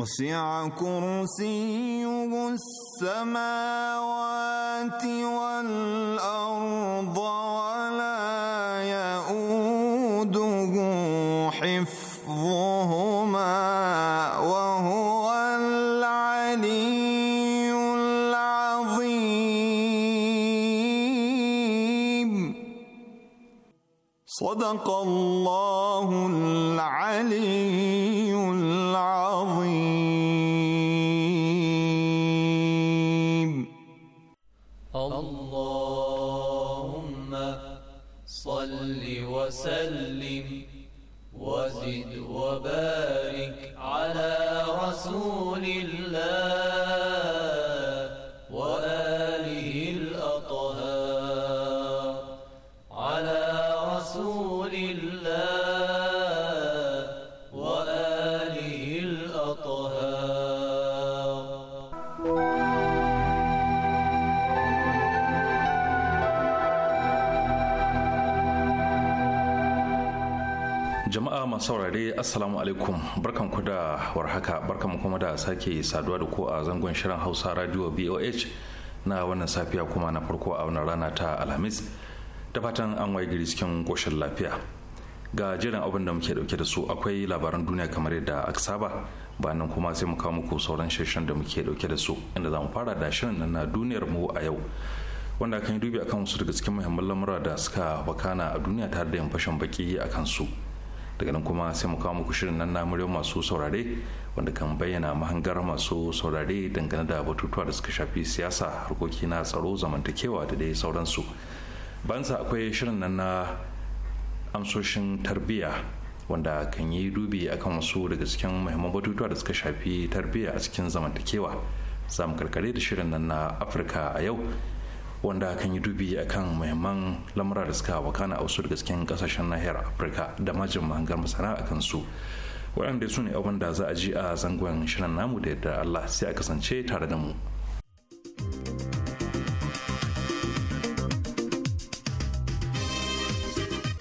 وسع كرسيه السماوات jama'a masu saurare assalamu alaikum barkan ku da warhaka barkan kuma da sake saduwa da ku a zangon shirin hausa radio boh na wannan safiya kuma na farko a wannan rana ta alhamis da fatan an waye gari cikin koshin lafiya ga jiran abin da muke dauke da su akwai labaran duniya kamar yadda aka saba bayan kuma sai mu kawo muku sauran shirin da muke dauke da su inda za mu fara da shirin nan na duniyar mu a yau wanda kan yi dubi akan wasu daga cikin muhimman lamura da suka wakana a duniya tare da yin fashin baki akan su daga nan kuma sai mu kawo muku shirin nan na muryar masu saurare wanda kan bayyana mahangar masu saurare dangane da batutuwa da suka shafi siyasa harkoki na tsaro zamantakewa da dai sauransu banza akwai shirin nan na amsoshin tarbiyya wanda kan yi dubi akan wasu daga cikin muhimman batutuwa da suka shafi tarbiyya a cikin zamantakewa za mu karkare da shirin nan na afirka a yau wanda kan yi dubi a kan muhimman lamura da suka wakana a wasu daga cikin kasashen nahiyar afirka da majin mahangar masana a kansu waɗanda su ne abin da za a ji a zangon shirin namu da yadda allah sai a kasance tare da mu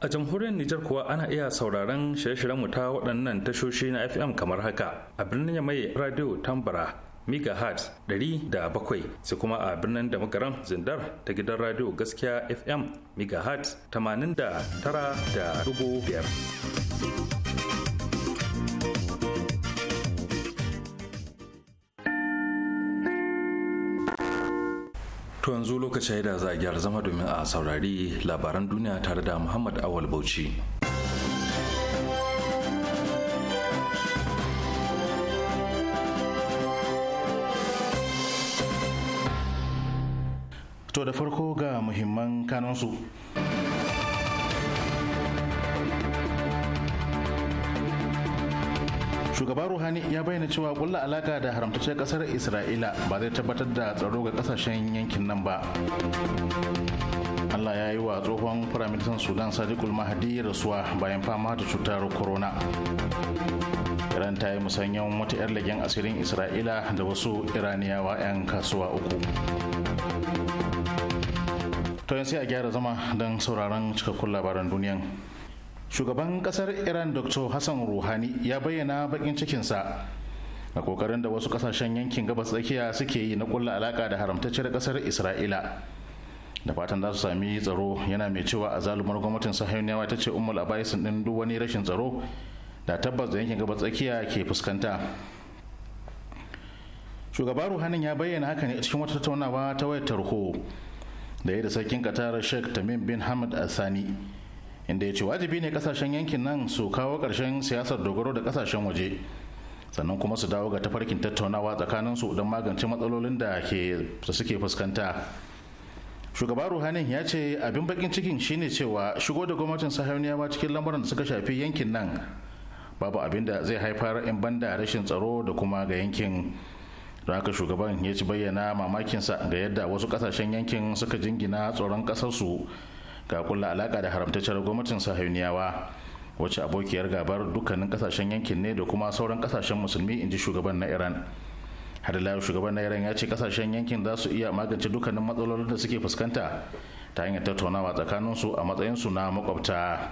A jamhuriyar Nijar kuwa ana iya sauraron shirye-shiryen mu waɗannan tashoshi na FM kamar haka a birnin mai radio Tambara megahertz 107 sai kuma a birnin da magaran zindar ta gidan radio gaskiya FM megahertz 89.5 To yanzu lokacin da za a gyara zama domin a saurari labaran duniya tare da Muhammad Awal Bauchi. To da farko ga muhimman kanansu. shugaban ruhani ya bayyana cewa kulla alaka da haramtaccen kasar isra'ila ba zai tabbatar da tsaro ga kasashen yankin nan ba allah ya yi wa tsohon firaministan sudan sadiqul mahadi rasuwa bayan fama da cutar corona iran ta yi musanyen wata 'yar lagen asirin isra'ila da wasu iraniyawa 'yan kasuwa uku to sai a gyara zama don sauraron cikakkun labaran duniyan shugaban kasar iran dr hassan ruhani ya bayyana bakin cikinsa a kokarin da wasu kasashen yankin gabas tsakiya suke yi na kulla alaka da haramtacciyar kasar isra'ila da fatan za su sami tsaro yana mai cewa a zalumar gwamnatin sahiyoniyawa ta ce a abaisin din duk wani rashin tsaro da tabbas da yankin gabas tsakiya ke fuskanta shugaban ruhanin ya bayyana haka ne a cikin wata tattaunawa ta wayar tarho da ya da sarkin qatar sheikh tamim bin hamad al sani. inda ya ce wajibi ne kasashen yankin nan su kawo karshen siyasar dogaro da kasashen waje sannan kuma su dawo ga tafarkin tattaunawa tsakanin su don magance matsalolin da ke suke fuskanta shugaba ruhanin ya ce abin bakin cikin shine cewa shigo da gwamnatin sahiyoniyawa cikin lamuran da suka shafi yankin nan babu abin da zai haifar in banda rashin tsaro da kuma ga yankin don haka shugaban ya ci bayyana mamakinsa ga yadda wasu kasashen yankin suka jingina tsoron kasarsu ga kulla alaka da haramtacciyar gwamnatin sahiyuniyawa wacce abokiyar gabar dukkanin kasashen yankin ne da kuma sauran kasashen musulmi inji shugaban na iran har ila shugaban na iran ya ce kasashen yankin za su iya magance dukkanin matsalolin da suke fuskanta ta hanyar tattaunawa tsakanin su a matsayinsu na makwabta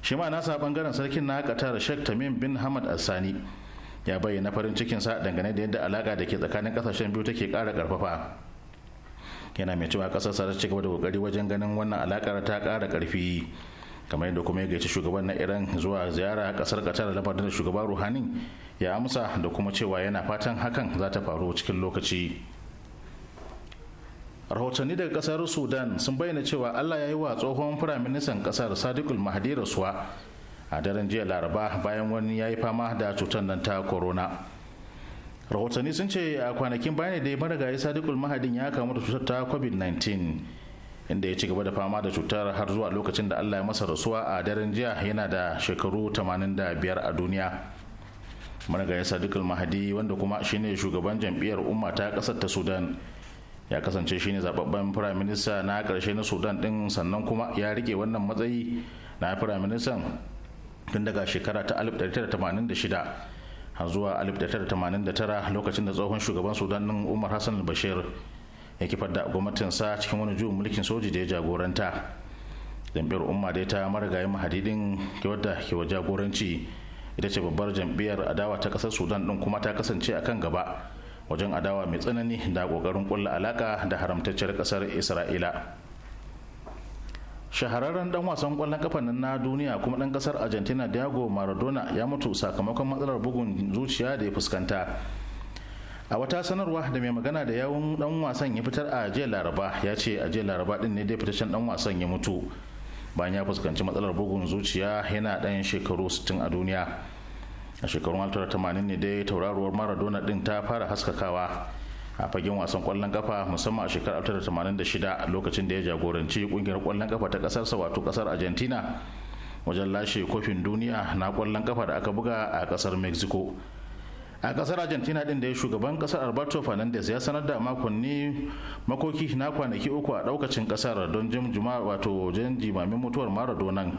shi ma nasa bangaren sarkin na katar sheikh tamim bin hamad asani ya bayyana farin cikinsa dangane da yadda alaka da ke tsakanin kasashen biyu take kara karfafa yana mai cewa kasar sa ci cigaba da kokari wajen ganin wannan alakar ta kara karfi kamar yadda kuma ya gaici shugaban na iran zuwa ziyara kasar qatar lafadar shugaban ruhani ya amsa da kuma cewa yana fatan hakan za ta faru cikin lokaci rahotanni daga kasar sudan sun bayyana cewa allah ya yi wa tsohon firaministan kasar sadiqul mahdi rasuwa a daren jiya laraba bayan wani ya yi fama da cutar nan ta corona rahotanni sun ce a kwanakin baya ne da marigayi sadiqul mahadin ya kamu da cutar ta covid-19 inda ya ci gaba da fama da cutar har zuwa lokacin da allah ya masa rasuwa a daren jiya yana da shekaru 85 a duniya marigayi sadiqul mahadi wanda kuma shine shugaban jam'iyyar umma ta kasar ta sudan ya kasance shine zababben firayim na karshe na sudan din sannan kuma ya rike wannan matsayi na firaministan tun daga shekara ta 1986 har zuwa 1989 lokacin da tsohon shugaban sudan din umar hassan bashir ya kifar da gwamnatinsa cikin wani juyin mulkin soji da ya jagoranta jam'iyyar umma dai ta marigayi mahadidin wadda ke wa jagoranci ita ce babbar jam'iyyar adawa ta kasar sudan ɗin kuma ta kasance a kan gaba wajen adawa mai tsanani da kokarin kulla alaƙa da haramtacciyar ƙasar isra'ila shahararren dan wasan kwallon kafa na duniya kuma dan kasar argentina diego maradona ya mutu sakamakon matsalar bugun zuciya da ya fuskanta a wata sanarwa da mai magana da yawun dan wasan ya fitar a jiya laraba ya ce a jiya laraba din ne dai fitaccen dan wasan ya mutu bayan ya fuskanci matsalar bugun zuciya yana dan shekaru 60 a duniya a shekarun 1980 ne dai tauraruwar maradona din ta fara haskakawa a fagen wasan kwallon kafa musamman a shekarar 1986 lokacin da ya jagoranci kungiyar kwallon kafa ta kasarsa wato kasar argentina wajen lashe kofin duniya na kwallon kafa da aka buga a kasar mexico a kasar argentina din da ya shugaban kasar alberto fernandez ya sanar da makonni makoki na kwanaki uku a daukacin kasar don jim wato jimamin mutuwar maradonan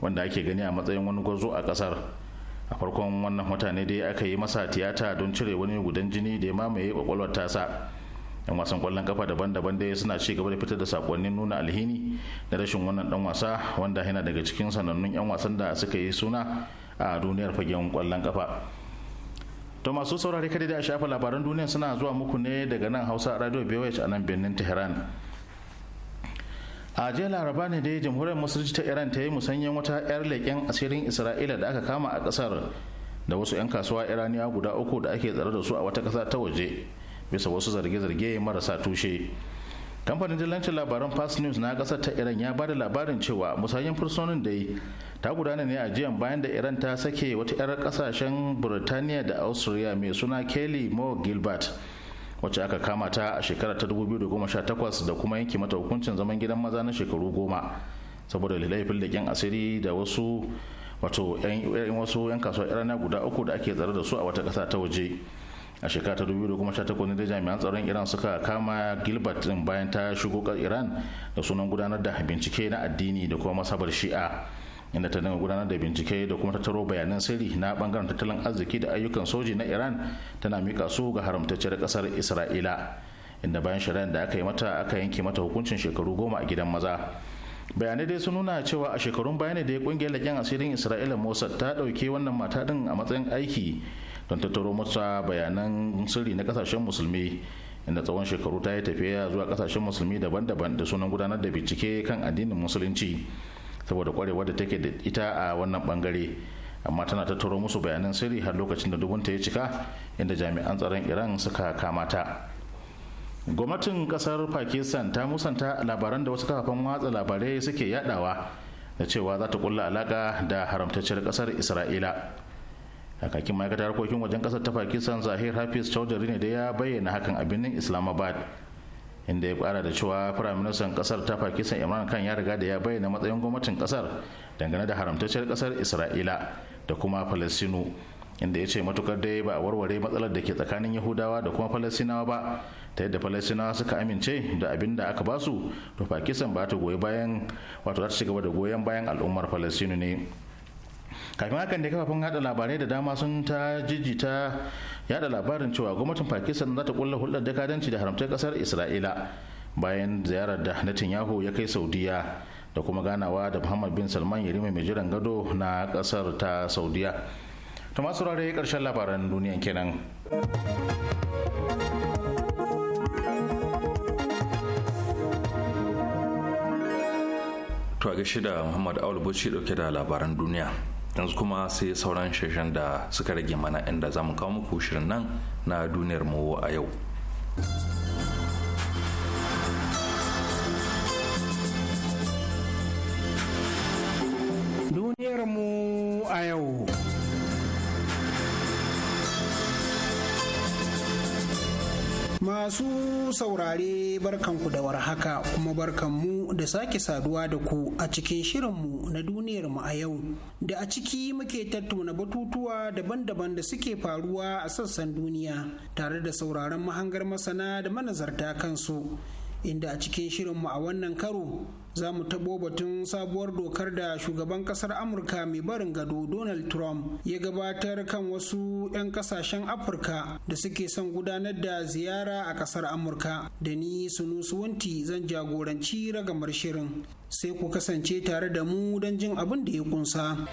wanda ake gani a matsayin wani gwazo a kasar a farkon wannan mutane dai aka yi masa tiyata don cire wani gudan jini da ya mamaye kwakwalwar tasa yan wasan kwallon kafa daban-daban dai suna ci gaba da fitar da sakonnin nuna alhini da rashin wannan dan wasa wanda yana daga cikin sanannun yan wasan da suka yi suna a duniyar fagen kwallon kafa to masu saurari kada da shafa labaran duniya suna zuwa muku ne daga nan hausa radio bwh a nan birnin tehran a jiya laraba ne dai jamhuriyar musulunci ta iran ta yi musanyen wata 'yar leƙen asirin isra'ila da aka kama a ƙasar da wasu 'yan kasuwa iraniya guda uku da ake tsare da su a wata ƙasa ta waje bisa wasu zarge-zarge marasa tushe kamfanin dillancin labaran fast news na ƙasar ta iran ya bada labarin cewa musayen fursunin da ta gudana ne a jiyan bayan da iran ta sake wata 'yar kasashen burtaniya da austria mai suna kelly mo gilbert wacce aka kama ta a shekara ta 2018 da kuma yanki mata hukuncin zaman gidan maza na shekaru goma saboda laifin da asiri da wasu wato 'yan kasuwa irana guda uku da ake tsare da su a wata ƙasa ta waje a shekara ta 2018 ne da jami'an tsaron iran suka kama gilbert din bayan ta shigo iran da sunan gudanar da bincike na addini da kuma masabar shi'a inda ta dinga gudanar da bincike da kuma tattaro bayanan sirri na bangaren tattalin arziki da ayyukan soji na iran tana mika su ga haramtacciyar kasar isra'ila inda bayan shari'ar da aka yi mata aka yanke mata hukuncin shekaru goma a gidan maza bayanai dai sun nuna cewa a shekarun baya ne da ya kungiyar leƙen asirin isra'ila mossad ta ɗauki wannan mata din a matsayin aiki don tattaro mata bayanan sirri na kasashen musulmi inda tsawon shekaru ta yi tafiya zuwa kasashen musulmi daban-daban da sunan gudanar da bincike kan addinin musulunci saboda kwarewa da take da ita a wannan bangare amma tana tattaro musu bayanan sirri har lokacin da dubunta ya cika inda jami'an tsaron iran suka kama ta gwamnatin kasar pakistan ta musanta labaran da wasu kafafen watsa labarai suke yadawa da cewa za ta kulla alaka da haramtacciyar kasar isra'ila kakakin ma'aikatar harkokin wajen kasar ta pakistan zahir hafiz chaudhary ne da ya bayyana hakan a birnin islamabad inda ya kara da cewa firaministan kasar ta pakistan imran khan ya riga da ya bayyana matsayin gwamnatin kasar dangane da haramtacciyar kasar isra'ila da kuma falasinu inda ya ce matukar dai ba a warware matsalar da ke tsakanin yahudawa da kuma falasinawa ba ta yadda falasinawa suka amince da abin da aka basu to pakistan ba ta goyi bayan wato za ta ci gaba da goyon bayan al'ummar falasinu ne kafin hakan da kafafen yada labarai da dama sun ta jijjita yada labarin cewa gwamnatin pakistan za ta kulla hulɗar dakadanci da haramtar kasar isra'ila bayan ziyarar da netanyahu ya kai saudiya da kuma ganawa da muhammad bin salman yarima mai jiran gado na kasar ta saudiya ta masu rare karshen labaran duniyan kenan to a shida muhammad awul bauchi dauke da labaran duniya yanzu kuma sai sauran shirin da suka rage mana inda za mu kawo muku shirin nan na duniyar mu a yau duniyar mu a yau Masu saurare barkanku da warhaka kuma barkanmu da sake saduwa da ku a cikin shirinmu na duniyarmu a yau da a ciki muke tattauna batutuwa daban-daban da suke faruwa a sassan duniya tare da sauraron mahangar masana da manazarta kansu inda a cikin shirinmu a wannan karo za mu taɓo batun sabuwar dokar da shugaban ƙasar amurka mai barin gado donald trump ya gabatar kan wasu 'yan kasashen afirka da suke son gudanar da ziyara a ƙasar amurka da ni sunusuwanti zan jagoranci ragamar shirin sai ku kasance tare da mu don jin abin da ya kunsa.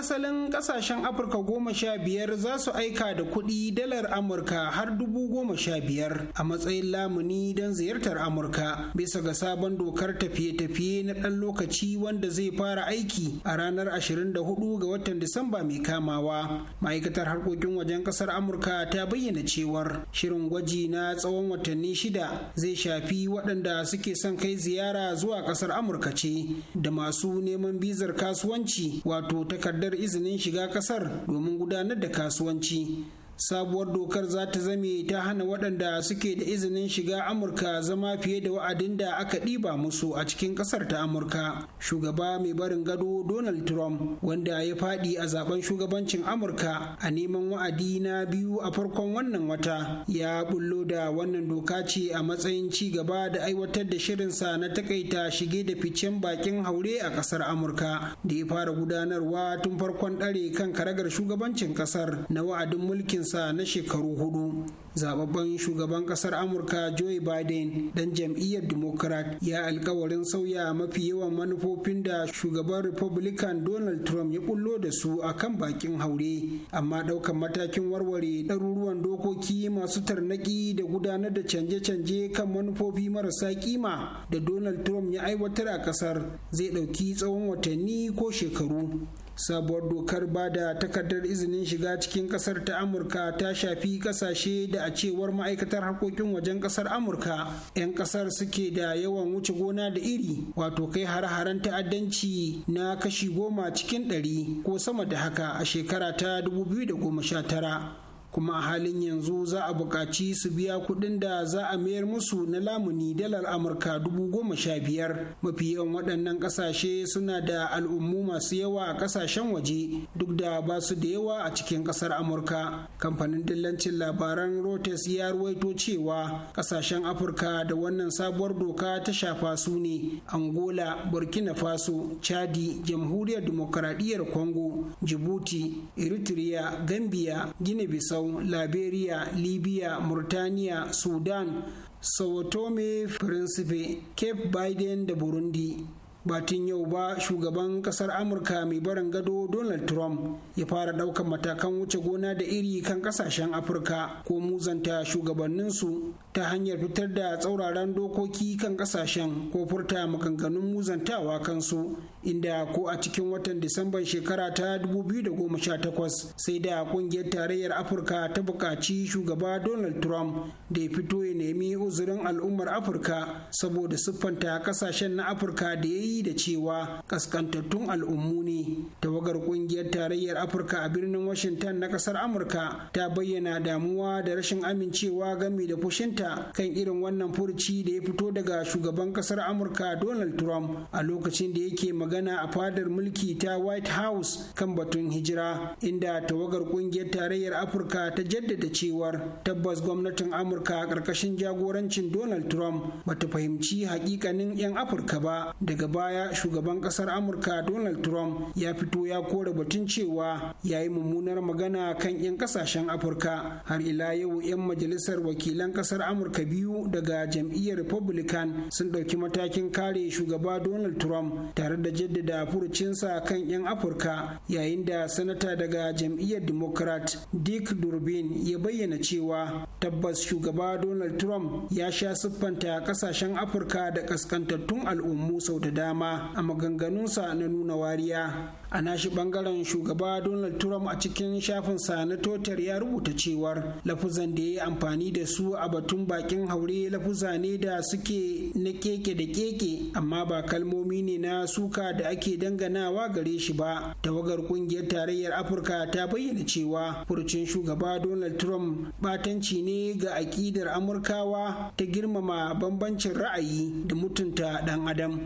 asalin kasashen afirka goma sha biyar za su aika da kuɗi dalar amurka har dubu goma sha biyar a matsayin lamuni don ziyartar amurka bisa ga sabon dokar tafiye-tafiye na ɗan lokaci wanda zai fara aiki a ranar ashirin da hudu ga watan disamba mai kamawa ma'aikatar harkokin wajen ƙasar amurka ta bayyana cewar shirin gwaji na tsawon watanni shida zai shafi waɗanda suke son kai ziyara zuwa ƙasar amurka ce da masu neman bizar kasuwanci wato takardar izinin shiga kasar domin gudanar da kasuwanci sabuwar dokar za ta zame ta hana waɗanda suke da izinin shiga amurka zama fiye da wa'adin da aka ɗiba musu a cikin ƙasar ta amurka shugaba mai barin gado donald trump wanda ya faɗi a zaben shugabancin amurka a neman wa'adi na biyu a farkon wannan wata ya bullo da wannan doka ce a matsayin ci gaba da aiwatar da shirinsa na takaita shige da ficen bakin haure a ƙasar amurka da ya fara gudanarwa tun farkon ɗare kan karagar shugabancin ƙasar na wa'adin mulkin sa na shekaru hudu zababben shugaban kasar amurka joe biden dan jam'iyyar democrat ya alkawarin sauya mafi yawan manufofin da shugaban republican donald trump ya bullo da su a kan bakin haure amma daukan matakin warware ɗaruruwan dokoki masu tarnaki da gudanar da canje-canje kan manufofi marasa kima da donald trump ya aiwatar a kasar zai ɗauki tsawon watanni ko shekaru sabuwar dokar ba da takardar izinin shiga cikin kasar ta amurka ta shafi kasashe da a cewar ma'aikatar harkokin wajen kasar amurka 'yan kasar suke da yawan wuce gona da iri wato kai har haren ta'addanci na kashi goma cikin ɗari ko sama da haka a shekara ta 2019 kuma a halin yanzu za a buƙaci su biya kuɗin da za a mayar musu na lamuni dalar amurka dubu goma sha biyar mafi yawan waɗannan ƙasashe suna da al'ummu masu yawa a ƙasashen waje duk da ba su da yawa a cikin ƙasar amurka kamfanin dillancin labaran rotes ya ruwaito cewa ƙasashen afirka da wannan sabuwar doka ta shafa su ne angola burkina faso chadi jamhuriyar demokaradiyyar congo jibuti eritrea gambia guinea bissau guinea-bissau Liberia, Libya, Murtaniya, Sudan, Sao Tome, Principe, Cape Biden da Burundi. batun yau ba shugaban kasar amurka mai barin gado donald trump ya fara daukan matakan wuce gona da iri kan kasashen afirka ko muzanta shugabanninsu ta hanyar fitar da tsauraran dokoki kan kasashen ko furta maganganun muzantawa kansu inda ko a cikin watan disamban shekara ta 2018 sai da kungiyar tarayyar afirka ta buƙaci shugaba donald trump da ya fito ya nemi uzurin al'ummar afirka saboda siffanta kasashen na afirka da ya yi da cewa kaskantattun al'ummu ne tawagar kungiyar tarayyar afirka a birnin washington na ƙasar amurka ta bayyana damuwa da rashin amincewa game da fushinta kan irin wannan furuci da ya fito daga shugaban ƙasar amurka donald trump a lokacin da yake magana magana a fadar mulki ta White House kan batun hijira inda tawagar kungiyar tarayyar Afirka ta jaddada cewar tabbas gwamnatin Amurka a ƙarƙashin jagorancin Donald Trump ba ta fahimci hakikanin 'yan Afirka ba daga baya shugaban ƙasar Amurka Donald Trump ya fito ya kore batun cewa ya yi mummunar magana kan 'yan ƙasashen Afirka har ila yau 'yan majalisar wakilan ƙasar Amurka biyu daga jam'iyyar Republican sun ɗauki matakin kare shugaba Donald Trump tare da jaddada furucinsa kan 'yan afirka yayin da sanata daga jam'iyyar democrat dick durbin ya bayyana cewa tabbas shugaba donald trump ya sha siffanta kasashen afirka da kaskantattun al'ummu sau da dama a maganganunsa na nuna wariya a nashi bangaren shugaba donald trump a cikin shafinsa na totar ya rubuta cewar lafuzan da ya yi amfani da su a batun bakin haure lafuza ne da suke na keke da keke amma ba kalmomi ne na suka da ake danganawa gare shi ba tawagar kungiyar tarayyar afirka ta bayyana cewa furucin shugaba donald trump batanci ne ga akidar amurkawa ta girmama bambancin ra'ayi da mutunta dan adam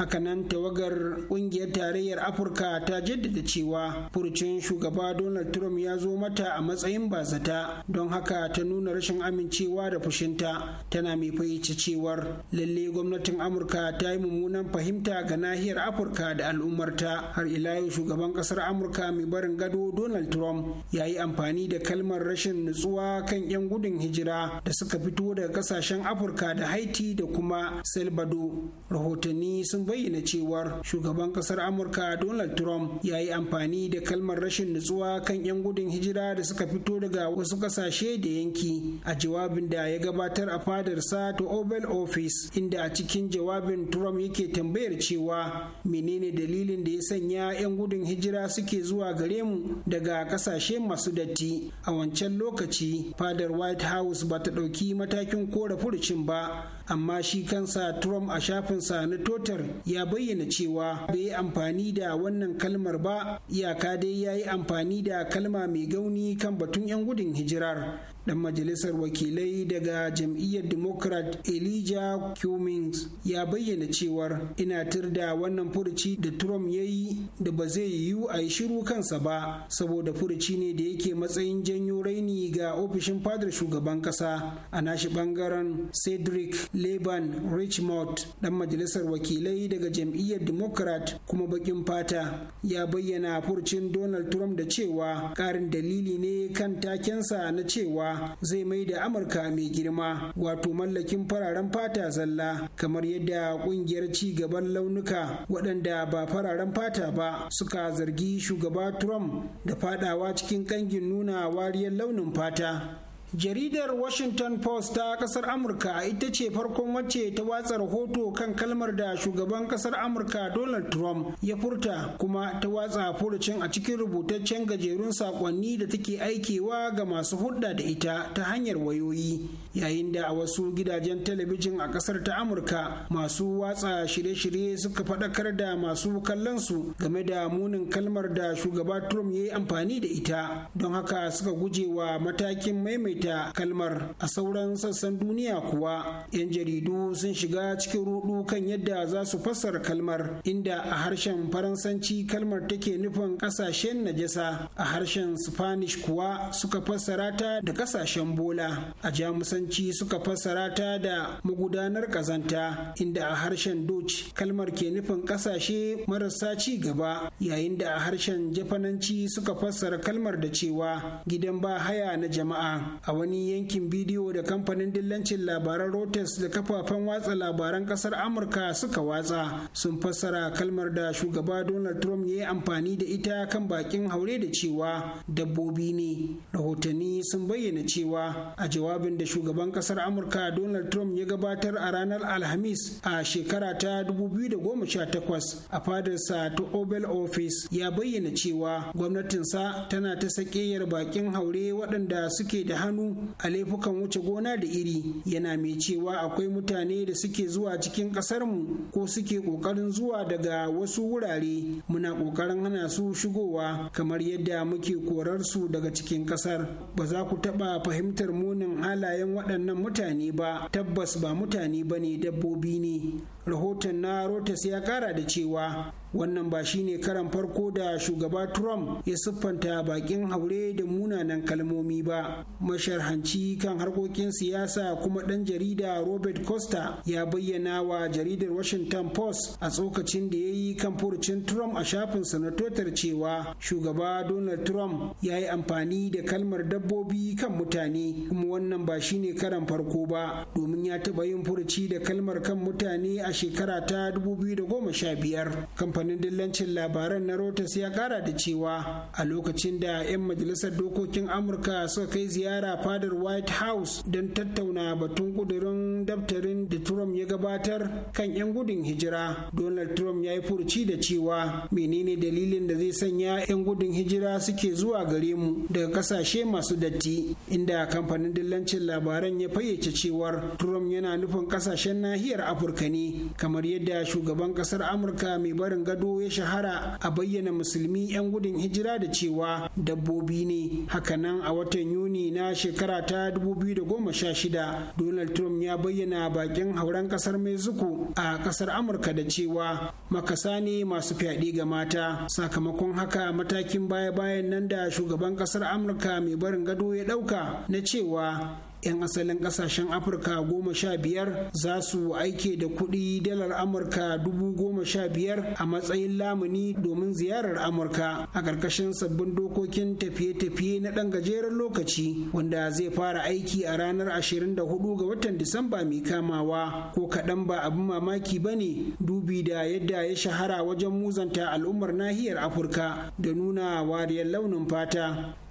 hakanan tawagar kungiyar tarayyar afirka ta jaddada cewa furucin shugaba donald trump ya zo mata a matsayin bazata don haka ta nuna rashin amincewa da fushinta tana mai fahimci cewar lalle gwamnatin amurka ta yi mummunan fahimta ga nahiyar afirka da al'ummarta har ila yau shugaban kasar amurka mai barin gado donald trump ya yi amfani da kalmar rashin nutsuwa kan 'yan gudun hijira da suka fito daga kasashen afirka da haiti da kuma salvador rahotanni sun bayyana cewar shugaban kasar amurka donald trump ya yi amfani da kalmar rashin nutsuwa kan 'yan gudun hijira da suka fito daga wasu kasashe da yanki a jawabin da ya gabatar a fadarsa ta oval office inda a cikin jawabin trump yake tambayar cewa menene dalilin da ya sanya 'yan gudun hijira suke zuwa gare mu daga kasashe masu datti a wancan lokaci fadar white house ba ta ɗauki matakin kora furucin ba amma shi kansa Trump a shafinsa na totar ya bayyana cewa bai yi amfani da wannan kalmar ba iyaka dai ya yi amfani da kalma mai gauni kan batun 'yan gudun hijirar dan majalisar wakilai daga jam'iyyar democrat elijah cummings ya bayyana cewar ina da wannan furuci da trump ya yi da ba zai yiwu a yi shiru kansa ba saboda furuci ne da yake matsayin janyo raini ga ofishin fadar shugaban kasa a nashi bangaren cedric leban richmond dan majalisar wakilai daga jam'iyyar democrat kuma bakin fata ya bayyana furucin donald trump da cewa karin dalili ne kan takensa na cewa zai mai da amurka mai girma wato mallakin fararen fata zalla kamar yadda kungiyar ci gaban launuka waɗanda ba fararen fata ba suka zargi shugaba trump da fadawa cikin kangin nuna wariyar launin fata jaridar washington post ta kasar amurka ita ce farkon wacce ta watsa rahoto kan kalmar da shugaban kasar amurka donald trump ya furta kuma ta watsa furucin a cikin rubutaccen gajerun sakonni da take aikewa ga masu hulɗa da ita ta hanyar wayoyi yayin da a wasu gidajen talabijin a kasar ta amurka masu watsa shirye-shirye suka faɗakar da masu kallon su game da munin kalmar da shugaba trump ya yi amfani da ita don haka suka guje wa matakin maimaita ta kalmar a sauran sassan duniya kuwa 'yan jaridu sun shiga cikin rudu kan yadda za su fassara kalmar inda a harshen faransanci kalmar take nufin kasashen najasa a harshen spanish kuwa suka fassara ta da kasashen bola a jamusanci suka fassara ta da magudanar kazanta inda a harshen dutch kalmar ke nufin kasashe marasa ci gaba yayin da a harshen jafananci suka fassara kalmar da cewa gidan ba haya na jama'a a wani yankin bidiyo da kamfanin dillancin labaran Reuters da kafafen watsa labaran kasar Amurka suka watsa sun fassara kalmar da shugaba Donald Trump ya yi amfani da ita kan bakin haure da cewa dabbobi ne. Rahotanni sun bayyana cewa a jawabin da shugaban kasar Amurka Donald Trump ya gabatar a ranar Alhamis a shekara ta 2018 a fadarsa ta Oval Office ya bayyana cewa gwamnatinsa tana ta yar bakin haure waɗanda suke da hannu hannu a laifukan wuce gona da iri yana mai cewa akwai mutane da suke zuwa cikin ƙasarmu ko suke ƙoƙarin zuwa daga wasu wurare muna ƙoƙarin hana su shigowa kamar yadda muke korar su daga cikin ƙasar ba za ku taɓa fahimtar munin halayen waɗannan mutane ba tabbas ba mutane ba ne dabbobi ne rahoton na Reuters ya kara da cewa wannan ba shine karan farko da shugaba Trump ya siffanta bakin haure da munanan kalmomi ba masharhanci kan harkokin siyasa kuma dan jarida Robert Costa ya bayyana wa jaridar Washington Post a tsokacin da ya yi kan furucin Trump a shafin sanatotar cewa shugaba Donald Trump ya yi amfani da kalmar dabbobi kan mutane kuma wannan ba shine karan farko ba domin ya taɓa yin furuci da kalmar kan mutane a a shekara ta 2015 kamfanin dillancin labaran na Reuters ya kara da cewa a lokacin da 'yan majalisar dokokin Amurka suka kai ziyara fadar White House don tattauna batun kudurin daftarin da Trump ya gabatar kan 'yan gudun hijira. Donald Trump ya yi furuci da cewa menene dalilin da zai sanya 'yan gudun hijira suke zuwa gare mu daga kasashe masu datti inda kamfanin dillancin labaran ya fayyace cewar Trump yana nufin kasashen nahiyar Afirka ne kamar yadda shugaban kasar amurka mai barin gado ya shahara a bayyana musulmi 'yan gudun hijira da cewa dabbobi ne hakanan a watan yuni na shekara ta 2016 donald trump ya bayyana bakin hauren kasar mexico a kasar amurka da cewa makasa ne masu fyaɗe ga mata sakamakon haka matakin baya-bayan nan da shugaban kasar amurka mai barin gado ya ɗauka na cewa 'yan asalin kasashen afirka goma sha biyar za su aike da kuɗi dalar amurka dubu goma sha biyar a matsayin lamuni domin ziyarar amurka a ƙarƙashin sabbin dokokin tafiye-tafiye na ɗan gajeren lokaci wanda zai fara aiki a ranar 24 ga watan disamba mai kamawa ko kaɗan ba abin mamaki ba ne dubi da yadda ya shahara wajen muzanta al'ummar nahiyar afirka da nuna wariyar launin fata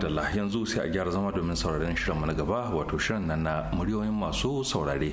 Allah yanzu sai a gyara zama domin sauraron shirin na gaba wato shirin nan na muryoyin masu saurare.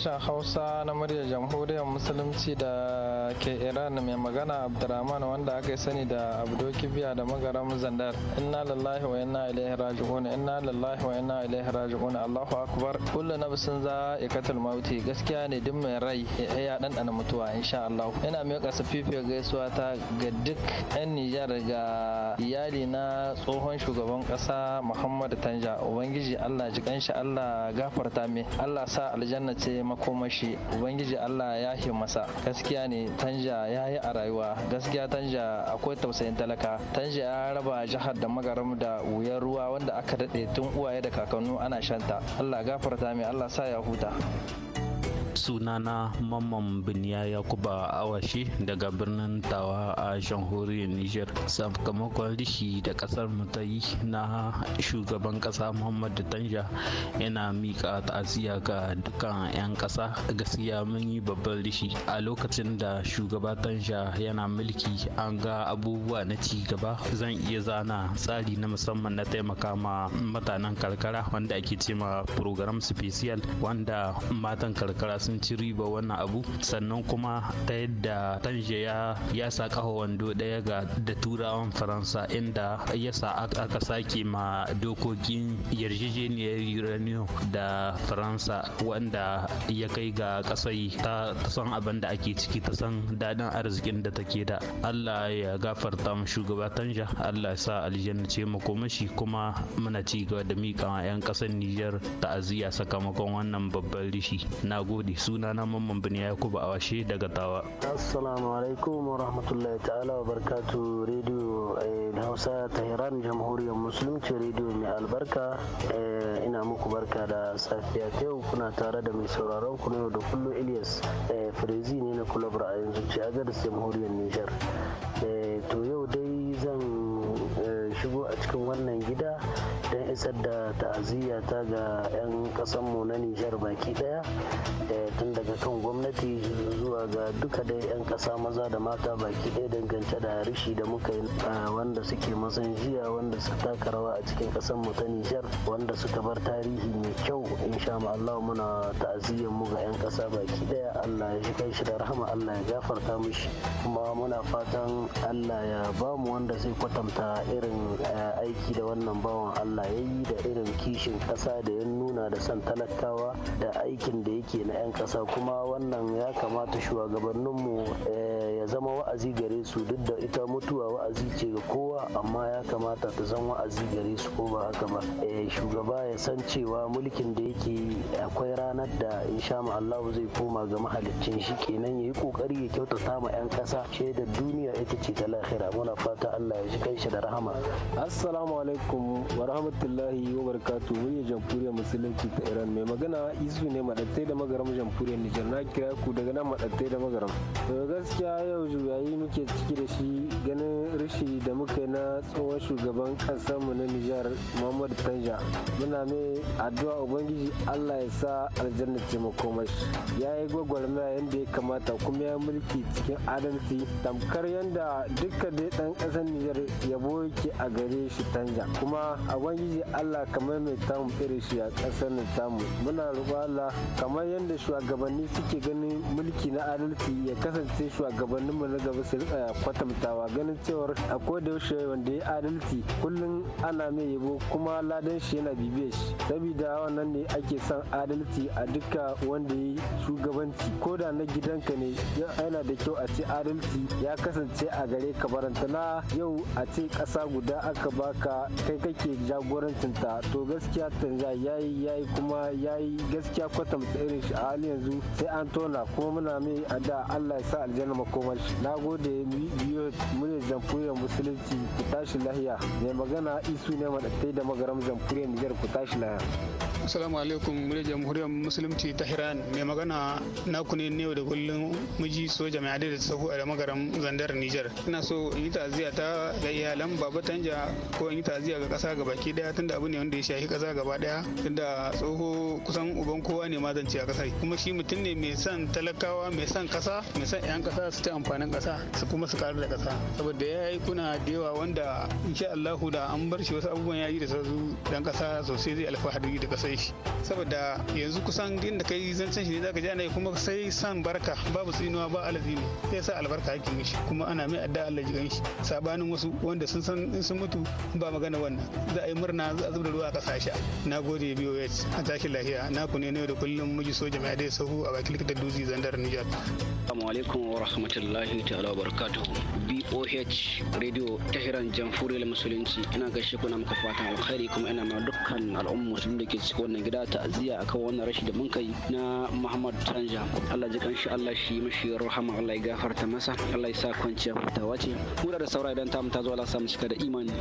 sashen hausa na muryar jamhuriyar musulunci da ke iran mai magana abdurrahman wanda aka sani da abdoki biya da magaram zandar inna lallahi wa inna ilaihi raji'un inna lallahi wa inna ilaihi raji'un allahu akbar kullu nafsin za'ikatul mauti gaskiya ne duk mai rai ya ɗanɗana mutuwa insha allah ina mai kasa fifiyar gaisuwa ta ga duk yan nijar ga iyali na tsohon shugaban ƙasa muhammad tanja ubangiji allah ji kanshi allah gafarta mai allah sa aljanna ce makomashi ubangiji allah ya shi masa gaskiya ne tanja ya yi a rayuwa gaskiya tanja akwai tausayin talaka tanja ya raba jihar da magaram da wuyar ruwa wanda aka daɗe tun uwaye da kakannu ana shanta allah gafarta mai allah sa ya huta sunana mamman biniya yakuba awashi daga birnin tawa a jamhuriyar niger sakamakon rishi da kasar mu ta yi na shugaban ƙasa muhammadu tanja yana mika ta'aziyya ga dukkan 'yan ƙasa, gaskiya mun yi babban rishi a lokacin da shugaba tanja yana mulki an ga abubuwa na ci gaba zan iya zana tsari na musamman na taimaka ma mutanen karkara wanda ake ce ma program special wanda matan karkara sun sun ci riba wannan abu sannan kuma ta yadda tanje ya ya sa kawo wando daya ga da turawan faransa inda ya sa aka sake ma dokokin yarjejeniyar uranium da faransa wanda ya kai ga kasai ta san abin da ake ciki ta san daɗin arzikin da take da allah ya gafarta mu shugaba tanja allah ya sa aljanna ce shi kuma muna ci gaba da miƙa 'yan ƙasar nijar ta'aziyya sakamakon wannan babban rishi na gode sunana mamman bini yakubu awashe daga tawa assalamu alaikum wa rahmatullahi ta'ala wa barkatu rediyo eh, hausa ta iran jamhuriyar musulunci rediyo mai albarka eh, ina muku barka da safiya ta yau kuna tare da mai sauraron ku yau da kullum ilyas eh, Frezi ne na kulabar a yanzu agar da jamhuriyar nijar to yau dai zan shigo a cikin wannan gida don isar da ta'aziyya ta ga 'yan mu na nijar baki ɗaya eh, tun daga kan gwamnati zuwa ga duka dai 'yan kasa maza da mata baki ɗaya dangance da rishi da muka yi wanda suke masan jiya wanda suka taka rawa a cikin mu ta nijar wanda suka bar tarihi mai kyau insha Allah muna ta'aziyyar mu ga 'yan ƙasa baki ɗaya Allah ya shi kai shi da rahama Allah ya gafarta mishi kuma muna fatan Allah ya ba mu wanda zai kwatanta irin eh, aiki da wannan bawan Allah yayi da irin kishin kasa da ya nuna da son talakawa da aikin da yake na 'yan kasa kuma wannan ya kamata shugabanninmu eh, ya zama wa'azi gare su duk da ita mutuwa wa'azi ce ga kowa amma ya kamata ta zan wa'azi gare su ko ba haka ba eh, shugaba ya san cewa mulkin da yake akwai ranar da in insha Allah zai koma ga mahaliccin shi kenan yayi kokari ya kyautata ma 'yan kasa ƙasa da duniya ita ce ta lahira muna fata Allah ya shi kai shi da rahama assalamu alaikum wa rahmatullahi wa barakatu muryar jamhuriyar musulunci ta iran mai magana isu ne madattai da magaram jamhuriyar nijar na kira ku daga nan madattai da magaram daga gaskiya yau juyayi muke ciki da shi ganin rishi da muka yi na tsohon shugaban mu na nijar muhammadu tanja muna mai addu'a ubangiji allah ya sa aljanna ce makomashi ya yi gwagwarmaya yadda ya kamata kuma ya mulki cikin adalci tamkar yadda dukkan dai dan kasar nijar yabo yake a gare shi tanja kuma a ubangiji allah kamar mai tamu irin shi a ƙasar tamu muna roƙo allah kamar yadda shugabanni suke ganin mulki na adalci ya kasance shugabannin mu na gaba su rika kwatantawa ganin cewar a da yaushe wanda ya adalci kullum ana mai yabo kuma ladan shi yana bibiye shi saboda wannan ne ake son adalci a duka wanda ya yi shugabanci ko da na gidanka ne yana da kyau a ce adalci ya kasance a gare ka barantana yau a ce kasa guda aka baka kai kake jago jagorancinta to gaskiya tanzania yayi yayi kuma yayi gaskiya kwatanta irin shi a hali yanzu sai an tona kuma muna mai ada allah ya sa aljanna makomar shi na gode biyo mune jamhuriyar musulunci ku tashi lahiya mai magana isu ne madattai da magaram jamhuriyar nijar ku tashi lahiya Assalamu alaikum muryar jamhuriyar musulunci ta Iran mai magana ku ne ne da kullum miji soja mai adai da sahu a magaram zandar Nijar. Ina so in yi taziya ta ga iyalan Baba Tanja ko in yi taziya ga kasa ga baki daya tunda abu ne wanda ya shafi kasa gaba daya tunda tsoho kusan uban kowa ne ma a kasar kuma shi mutum ne mai son talakawa mai son kasa mai son yan kasa su ta amfanin kasa su kuma su karar da kasa saboda ya yi kuna da yawa wanda insha Allahu da an bar shi wasu abubuwan ya yi da sazu dan kasa sosai zai alfahari da kasar shi saboda yanzu kusan da kai zancen shi ne zaka ji ana kuma sai san barka babu tsinuwa ba alazimi sai sa albarka ake mishi kuma ana mai adda Allah ji ganshi sabanin wasu wanda sun san in sun mutu ba magana wannan za a yi kamar na zubar ruwa a kasashe na gode boh a tashi lahiya na kune ne da kullum muji soja mai dai sahu a bakin likitar dutse zandar nijar assalamu alaikum wa rahmatullahi ta'ala wa barakatuhu boh radio tahiran jamhuriyar musulunci ina gaishe kuna muka fatan alkhairi kuma ina ma dukkan al'umma musulmi da ke cikin wannan gida ta ta'aziyya akan wannan rashi da mun kai na muhammad tanja allah ji kanshi allah shi mashi rahama allah ya gafarta masa allah ya sa kwanciya hutawa ce mu da saura idan ta mu ta zo ala samu cika da imani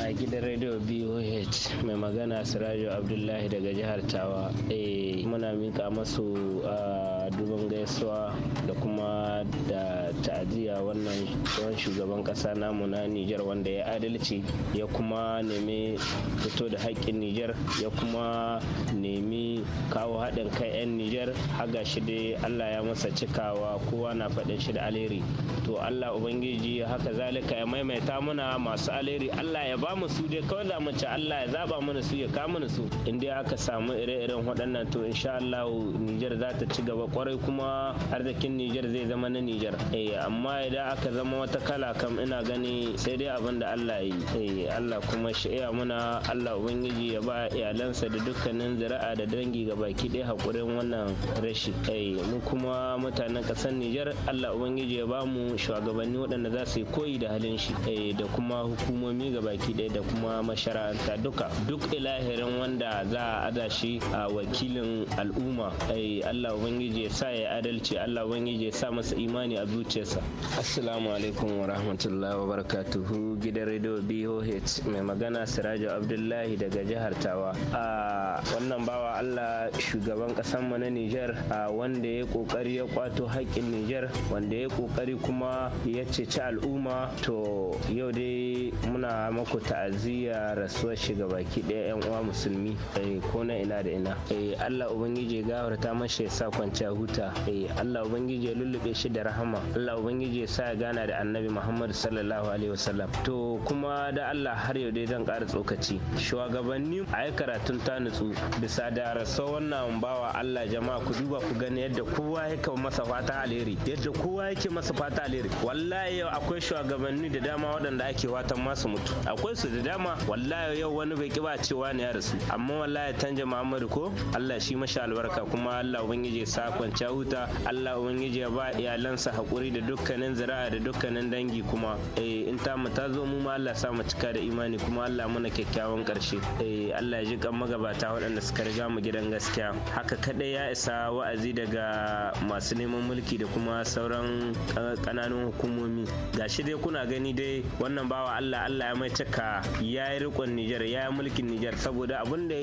a gidan radio biyu BOH mai magana Sirajo Abdullahi daga jihar Tawa. Eh muna mika masu a duban gaisuwa da kuma da ta'adiyya wannan tsohon shugaban kasa namu na Nijar wanda ya adalci ya kuma nemi fito da haƙƙin Nijar ya kuma nemi kawo haɗin kai 'yan Nijar haga shi dai Allah ya masa cikawa kowa na faɗin shi da alheri. To Allah Ubangiji haka zalika ya maimaita muna masu alheri Allah ya ba mu su dai kawai da mu insha Allah ya zaba mana su ya kama mana su in dai aka samu ire-iren waɗannan to insha Allah Nijar za ta ci gaba kwarai kuma arzikin Nijar zai zama na Nijar eh amma idan aka zama wata kala kam ina gani sai dai abin da Allah yi eh Allah kuma shi'a muna Allah ubangiji ya ba iyalansa da dukkanin zira'a da dangi ga baki ɗaya hakurin wannan rashi eh mu kuma mutanen ƙasar Nijar Allah ubangiji ya ba mu shugabanni waɗanda za su yi koyi da halin shi eh da kuma hukumomi ga baki ɗaya da kuma mashara. duka duk ilahirin wanda za a ada shi a wakilin al'umma ai Allah ubangiji ya sa ya adalci Allah ubangiji ya sa masa imani a zuciyarsa assalamu alaikum wa rahmatullahi wa barakatuhu gidan radio BOH mai magana Siraju Abdullahi daga jihar Tawa a wannan bawa Allah shugaban kasar mu na Niger a wanda ya kokari ya kwato haƙƙin Niger wanda ya kokari kuma ya ce ceci al'umma to yau dai muna maku ta'aziyya rasu gaisuwar shi ga baki ɗaya yan uwa musulmi eh, ko na ina da ina eh, Allah ubangiji ya gafarta mashi ya sa kwanciya huta eh, Allah ubangiji ya lullube shi da rahama Allah ubangiji ya sa ya gana da annabi Muhammad sallallahu alaihi wasallam to kuma da Allah har yau dai zan ƙara tsokaci shugabanni a yi karatun ta nutsu bisa da rasa wannan bawa Allah jama'a ku duba ku gani yadda kowa yake masa fata alheri yadda kowa yake masa fata alheri wallahi yau akwai shugabanni da dama waɗanda ake watan masu mutu akwai su da dama wallahi yau wani bai kiba cewa ne a rasu amma wallahi tanja muhammadu ko allah shi mashi albarka kuma allah ubangiji ya sa kwanciya huta allah ubangiji ya ba iyalansa hakuri da dukkanin zira'a da dukkanin dangi kuma eh, in ta mu ta zo mu ma allah sa mu cika da imani kuma allah muna kyakkyawan karshe eh, allah ya ji kan magabata waɗanda suka riga mu gidan gaskiya haka kaɗai ya isa wa'azi daga masu neman mulki da kuma sauran eh, ƙananan hukumomi gashi dai kuna gani dai wannan bawa allah allah ya mai cika ya yi riƙon ne Nijar ya yi mulkin Nijar saboda abin da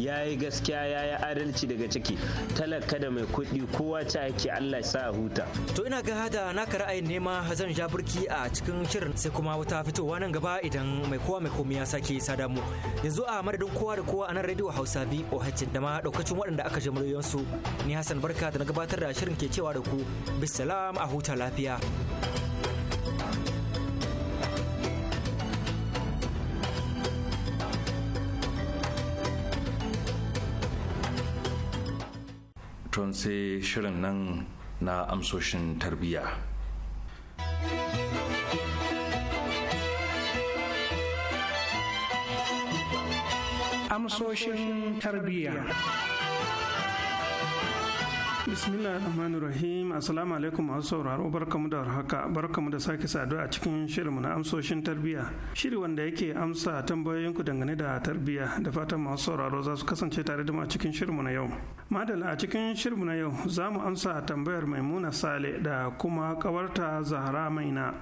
ya yi gaskiya ya yi adalci daga ciki talaka da mai kuɗi kowa ta yake Allah sa huta. To ina ga hada naka ra'ayin nema zan ja burki a cikin shirin sai kuma wata fitowa nan gaba idan mai kowa mai komai ya sake sada mu. Yanzu a madadin kowa da kowa a nan rediyo Hausa bi OH da ma daukacin waɗanda aka ji muryoyinsu ni Hassan Barka da na gabatar da shirin ke cewa da ku bisalam a huta lafiya. tun sai shirin nan na amsoshin tarbiyya amsoshin tarbiyya bismillah rahman rahim assalamu alaikum masu sauraro barkamu da haka barkamu da sake saduwa a cikin shirinmu na amsoshin tarbiyya shiri wanda yake amsa tambayoyinku dangane da tarbiyya da fatan masu sauraro za su kasance tare da mu a cikin shirinmu na yau Madal a cikin shirmu na yau za mu amsa tambayar maimuna sale da kuma kawarta zahra maina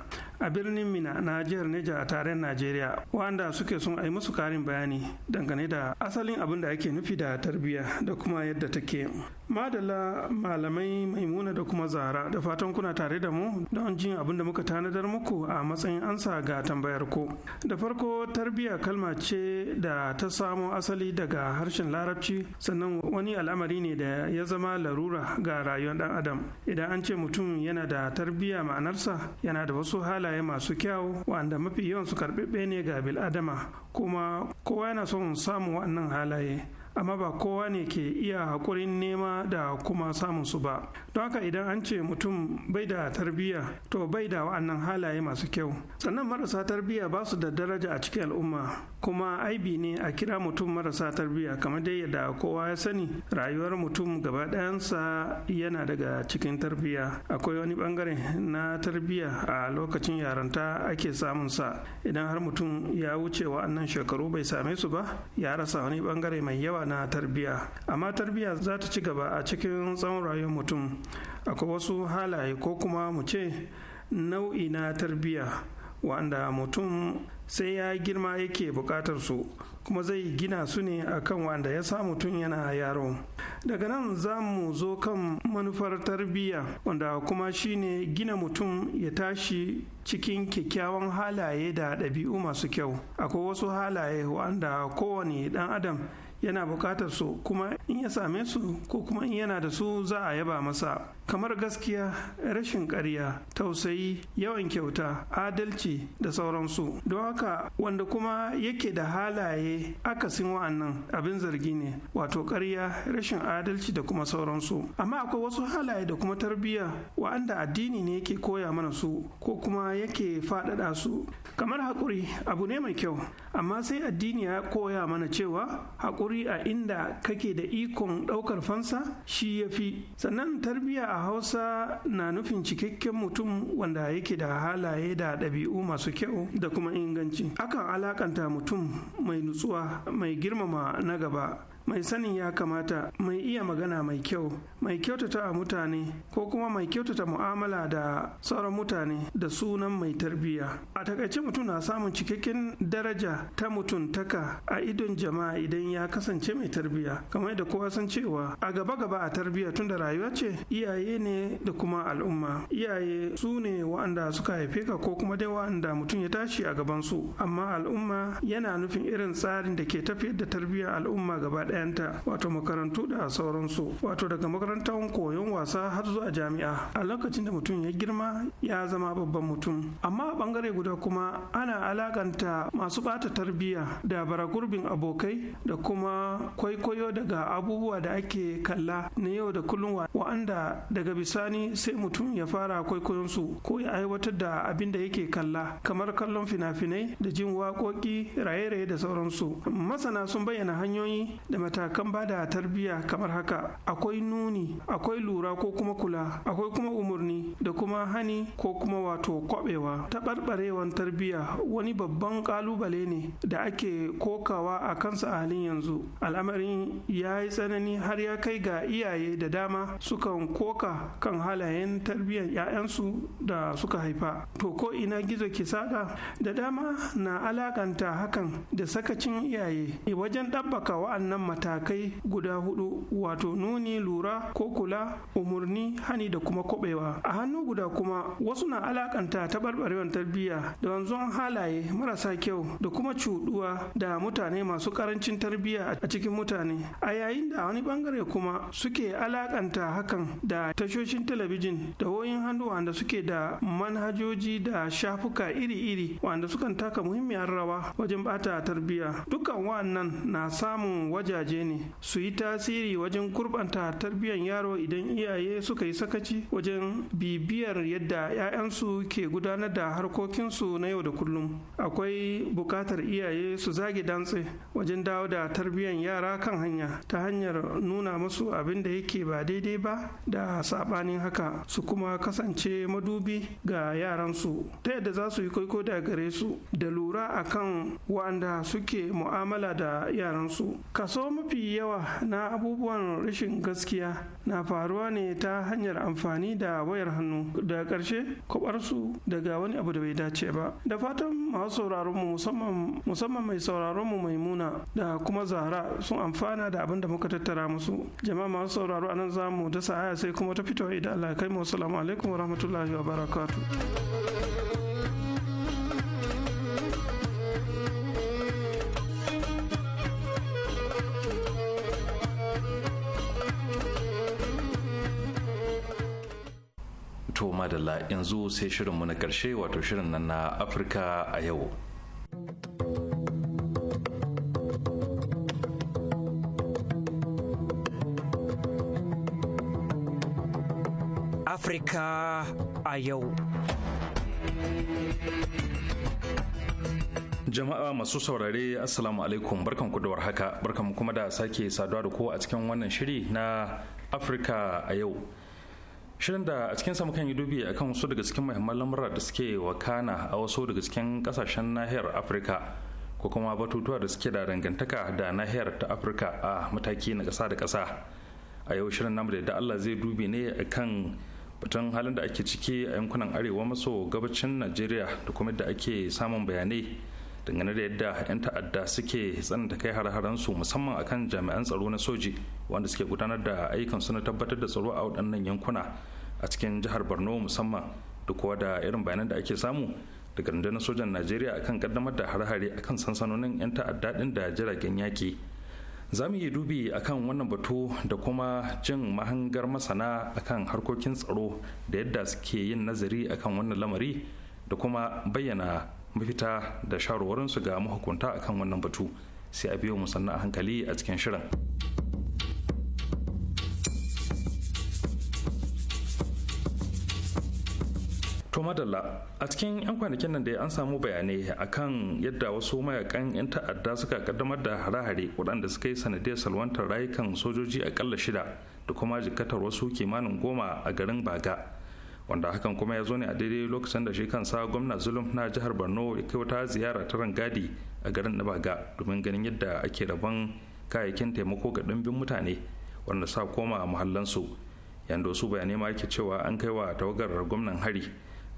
a birnin mina na jihar neja a tarayyar najeriya wanda suke a yi musu karin bayani dangane da asalin abin da ake nufi da tarbiyya da kuma yadda take madala malamai maimuna da kuma zara da fatan kuna tare da mu don jin abin da muka tanadar muku a matsayin ansa ga tambayar ku da farko tarbiyya kalma ce da ta samo asali daga harshen larabci sannan wani al'amari ne da ya zama larura ga rayuwar dan adam idan an ce mutum yana da tarbiyya ma'anarsa yana da wasu halaye halaye masu kyau wanda mafi yawan su karɓaɓɓe ne ga adama kuma kowa yana son samun wannan halaye amma ba kowa ne ke iya haƙurin nema da kuma samun su ba to haka idan an ce mutum bai da tarbiyya to bai da wa'annan halaye masu kyau sannan marasa tarbiyya ba su da daraja a cikin al'umma kuma aibi ne a kira mutum marasa tarbiyya kamar dai yadda kowa ya sani rayuwar mutum gaba ɗayansa yana daga cikin tarbiyya akwai wani bangare na tarbiyya a lokacin yaranta ake samun sa idan har mutum ya wuce wa'annan shekaru bai same su ba ya rasa wani bangare mai yawa na tarbiyya amma tarbiyya za ta ci gaba a cikin tsawon rayuwar mutum akwai wasu halaye ko kuma mu ce nau'i na tarbiyya wanda mutum sai ya girma yake buƙatar su kuma zai gina su ne akan wanda ya sa mutum yana yaro daga nan za mu zo kan manufar tarbiyya wanda kuma shine gina mutum ya tashi cikin kyakkyawan halaye da ɗabi'u masu kyau akwai wasu halaye wanda kowane ɗan adam yana bukatar su kuma in ya same su ko kuma in yana da su za a yaba masa kamar gaskiya rashin ƙarya tausayi yawan kyauta adalci da sauransu don haka wanda kuma yake da halaye akasin wa'annan abin zargi ne wato ƙarya rashin adalci da kuma sauransu amma akwai wasu halaye da kuma tarbiyya wa'anda addini ne yake koya mana su ko kuma yake faɗaɗa su kamar haƙuri abu ne mai kyau amma sai addini ya koya mana cewa haƙuri a inda kake da ikon ɗaukar fansa shi ya fi sannan tarbiyya a a hausa na nufin cikakken mutum wanda yake da halaye da ɗabi'u masu kyau da kuma inganci akan alakanta mutum mai nutsuwa mai girmama na gaba mai sanin ya kamata mai iya magana mai kyau mai kyautata a mutane ko kuma mai kyautata mu'amala da sauran mutane da sunan mai tarbiyya a takaice mutum na samun cikakken daraja ta mutuntaka a idon jama'a idan ya kasance mai tarbiyya kamar da kowa san cewa a gaba gaba a tarbiyya tunda rayuwa ce iyaye ne da kuma al'umma iyaye su ne wa'anda suka haife ka ko kuma dai wa'anda mutum ya tashi a gaban su amma al'umma yana nufin irin tsarin da ke tafiyar da tarbiyyar al'umma gaba ɗaya ayanta wato makarantu da sauransu wato daga makarantar koyon wasa har zuwa jami'a a lokacin da mutum ya girma ya zama babban mutum amma a bangare guda kuma ana alakanta masu bata tarbiyya da baragurbin abokai da kuma kwaikwayo daga abubuwa da ake kalla na yau da kullum wa'anda daga bisani sai mutum ya fara kwaikwayonsu ko ya aiwatar da abin da yake kalla kamar kallon fina-finai da jin waƙoƙi raye-raye da sauransu masana sun bayyana hanyoyi da matakan bada tarbiyya kamar haka akwai nuni akwai lura ko kuma kula akwai kuma umarni da kuma hani ko kuma wato kwabewa taɓarɓarewan tarbiyya wani babban ƙalubale ne da ake kokawa a kansa a halin yanzu al'amarin ya yi tsanani har ya kai ga iyaye da dama sukan koka kan halayen tarbiyyar 'ya'yansu da suka haifa to ko ina gizo ke saka da dama na alakanta hakan da sakacin iyaye wajen ɗabbaka wa'annan matakai guda hudu wato nuni lura ko kula umarni hani da kuma kwabewa a hannu guda kuma wasu na alakanta taɓarɓarewar tarbiyya da wanzuwan halaye marasa kyau da kuma cuɗuwa da mutane masu ƙarancin tarbiyya a cikin mutane a yayin da wani bangare kuma suke alakanta hakan da tashoshin talabijin da wayoyin hannu wanda suke da manhajoji da shafuka iri-iri wanda sukan taka muhimmiyar rawa wajen bata tarbiyya dukkan wannan na samun waje gidaje ne su yi tasiri wajen kurbanta tarbiyyar yaro idan iyaye suka yi sakaci wajen bibiyar yadda 'ya'yansu ke gudanar da harkokinsu na yau da kullum akwai buƙatar iyaye su zage dantse wajen dawo da tarbiyyar yara kan hanya ta hanyar nuna masu abin da yake ba daidai ba da saɓanin haka su kuma kasance madubi ga yaransu ta yadda za su yi kwaiko da gare su da lura akan waɗanda suke mu'amala da yaransu kaso mafi yawa na abubuwan rashin gaskiya na faruwa ne ta hanyar amfani da wayar hannu da ƙarshe kwabarsu daga wani abu da bai dace ba da fatan masu sauraronmu musamman mai sauraronmu maimuna da kuma zara sun amfana da abin da muka tattara musu jama'a masu sauraro anan za mu dasa aya sai kuma ta fito idan Allah kai mu assalamu alaikum warahmatullahi rahmatullahi wa barakatu. madalla yanzu sai shirinmu na karshe wato shirin nan na afirka a yau afirka a yau Jama'a masu saurare Assalamu alaikum barkan ku da warhaka barkan kuma da sake saduwa da ku a cikin wannan shiri na Afirka a yau. shirin da a cikin samu kan yi dubi a kan wasu daga cikin muhimman lamura da suke wakana a wasu daga cikin kasashen nahiyar afirka ko kuma batutuwa da suke da dangantaka da nahiyar ta afirka a mataki na kasa da kasa a yau shirin namu da allah zai dubi ne a kan batun halin da ake ciki a yankunan arewa maso gabacin najeriya da kuma da ake samun bayanai dangane da yadda 'yan ta'adda suke tsananta kai har-haransu musamman akan jami'an tsaro na soji wanda suke gudanar da ayyukan na tabbatar da tsaro a waɗannan yankuna a cikin jihar borno musamman da kuwa da irin bayanan da ake samu daga rundunar sojan najeriya akan kaddamar da hare-hare akan sansanonin 'yan ta'adda ɗin da jiragen yaƙi za mu yi dubi akan wannan batu da kuma jin mahangar masana akan harkokin tsaro da yadda suke yin nazari akan wannan lamari da kuma bayyana mafita da shawarwarinsu ga mahukunta akan wannan batu sai a biyo musanna a hankali a cikin shirin. To madalla a cikin 'yan kwanakin nan da an samu bayanai akan yadda wasu mayakan 'yan ta'adda suka kaddamar da hare-hare waɗanda suka yi sanadiyar salwantar rayukan sojoji akalla shida da kuma jikatar wasu kimanin goma a garin baga wanda hakan kuma ya zo ne a daidai lokacin da shi kansa gwamna zulum na jihar borno ya kai wata ziyara ta rangadi a garin na baga domin ganin yadda ake rabon kayayyakin taimako ga ɗumbin mutane wanda sa koma muhallansu yanda wasu bayanai ma ake cewa an kai wa tawagar gwamnan hari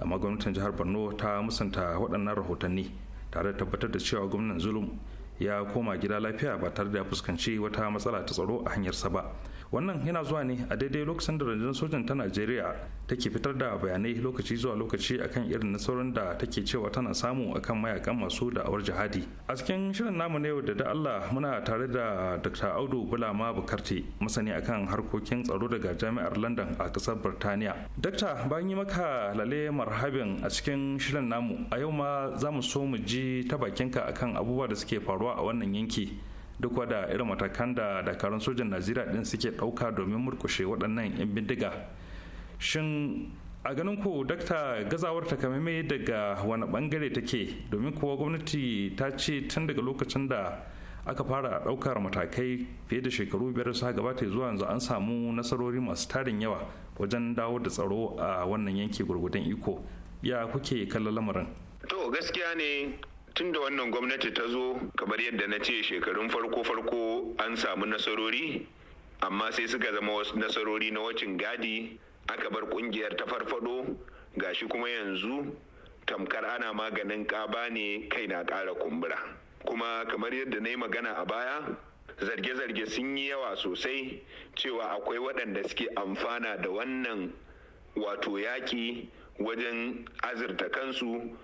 amma gwamnatin jihar borno ta musanta waɗannan rahotanni tare da tabbatar da cewa gwamnan zulum ya koma gida lafiya ba tare da fuskanci wata matsala ta tsaro a hanyarsa ba wannan yana zuwa ne a daidai lokacin da rundunar sojan ta najeriya take fitar da bayanai lokaci zuwa lokaci akan irin nasarorin da take cewa tana samu akan mayakan masu da'awar jihadi a cikin shirin namu na yau da da allah muna tare da dr audu bulama bukarti masani akan harkokin tsaro daga jami'ar london a kasar birtaniya dakta bayan yi maka lale marhabin a cikin shirin namu a yau ma za mu so mu ji ta bakinka akan abubuwa da suke faruwa a wannan yanki duk da irin matakan da dakarun sojan najeriya din suke dauka domin murkushe waɗannan 'yan bindiga shin a ganin ku dakta gazawar takamaimai daga wani bangare take domin kuwa gwamnati ta ce tun daga lokacin da aka fara daukar matakai fiye da shekaru biyar da su gabata zuwa yanzu an samu nasarori masu tarin yawa wajen dawo da tsaro a wannan yanki gurgudan iko ya kuke kallon lamarin to gaskiya ne tun da wannan gwamnati ta zo kamar yadda na ce shekarun farko-farko an samu nasarori amma sai suka zama wasu nasarori na wacin gadi aka bar kungiyar ta farfado gashi kuma yanzu tamkar ana maganin ƙaba ne kai na ƙara kumbura kuma kamar yadda na yi magana a baya zarge-zarge sun yi yawa sosai cewa akwai waɗanda suke amfana da wannan wato yaƙi wajen azurta kansu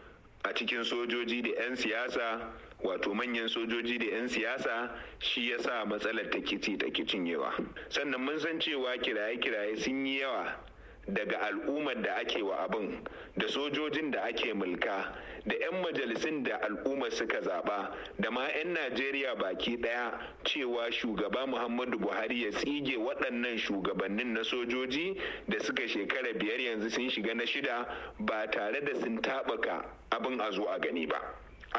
a cikin sojoji da 'yan siyasa wato manyan sojoji da 'yan siyasa shi ya sa matsalar ta kici ta yawa sannan mun san cewa kiraye-kiraye sun yi yawa daga al'ummar da ake wa abin da sojojin da ake mulka da 'yan majalisun da al'ummar suka zaba da ma 'yan najeriya baki ɗaya cewa shugaba muhammadu buhari ya tsige waɗannan shugabannin na sojoji da suka shekara biyar yanzu sun shiga na shida ba tare da sun taɓaka abin a zo a gani ba.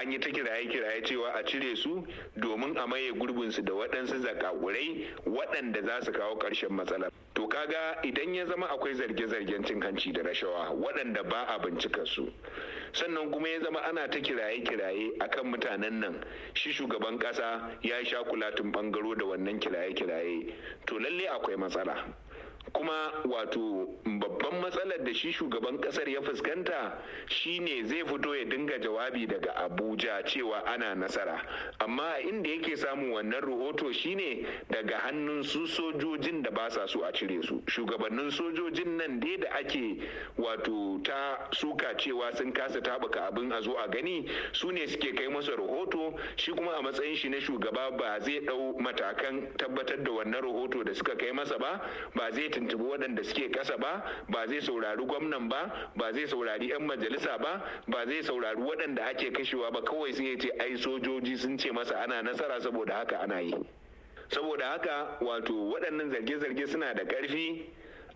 an yi ta kiraye-kiraye cewa a cire su domin a maye gurbinsu da waɗansu zakakurai waɗanda za su kawo ƙarshen matsalar. To kaga idan ya zama akwai zarge-zargen cin hanci da rashawa waɗanda ba a bincika su. Sannan kuma ya zama ana ta kiraye-kiraye akan mutanen nan shi shugaban ƙasa ya sha kula tun ɓangaro da wannan kiraye-kiraye to lalle akwai matsala. kuma wato babban matsalar da shi shugaban kasar ya fuskanta shine zai fito ya dinga jawabi daga abuja cewa ana nasara amma inda yake samun wannan rahoto shine daga hannun su sojojin da ba sa so a cire su shugabannin sojojin nan dai da ake wato ta suka cewa sun kasa tabuka abin a zo a gani su ne suke kai masa rahoto shi kuma a matsayin shi na shugaba ba zai dau matakan tabbatar da wannan rahoto da suka kai masa ba ba zai tuntubi waɗanda suke ƙasa ba ba zai saurari gwamnan ba ba zai saurari 'yan majalisa ba ba zai saurari waɗanda ake kashewa ba kawai sai ce ai sojoji sun ce masa ana nasara saboda haka ana yi saboda haka wato waɗannan zarge-zarge suna da ƙarfi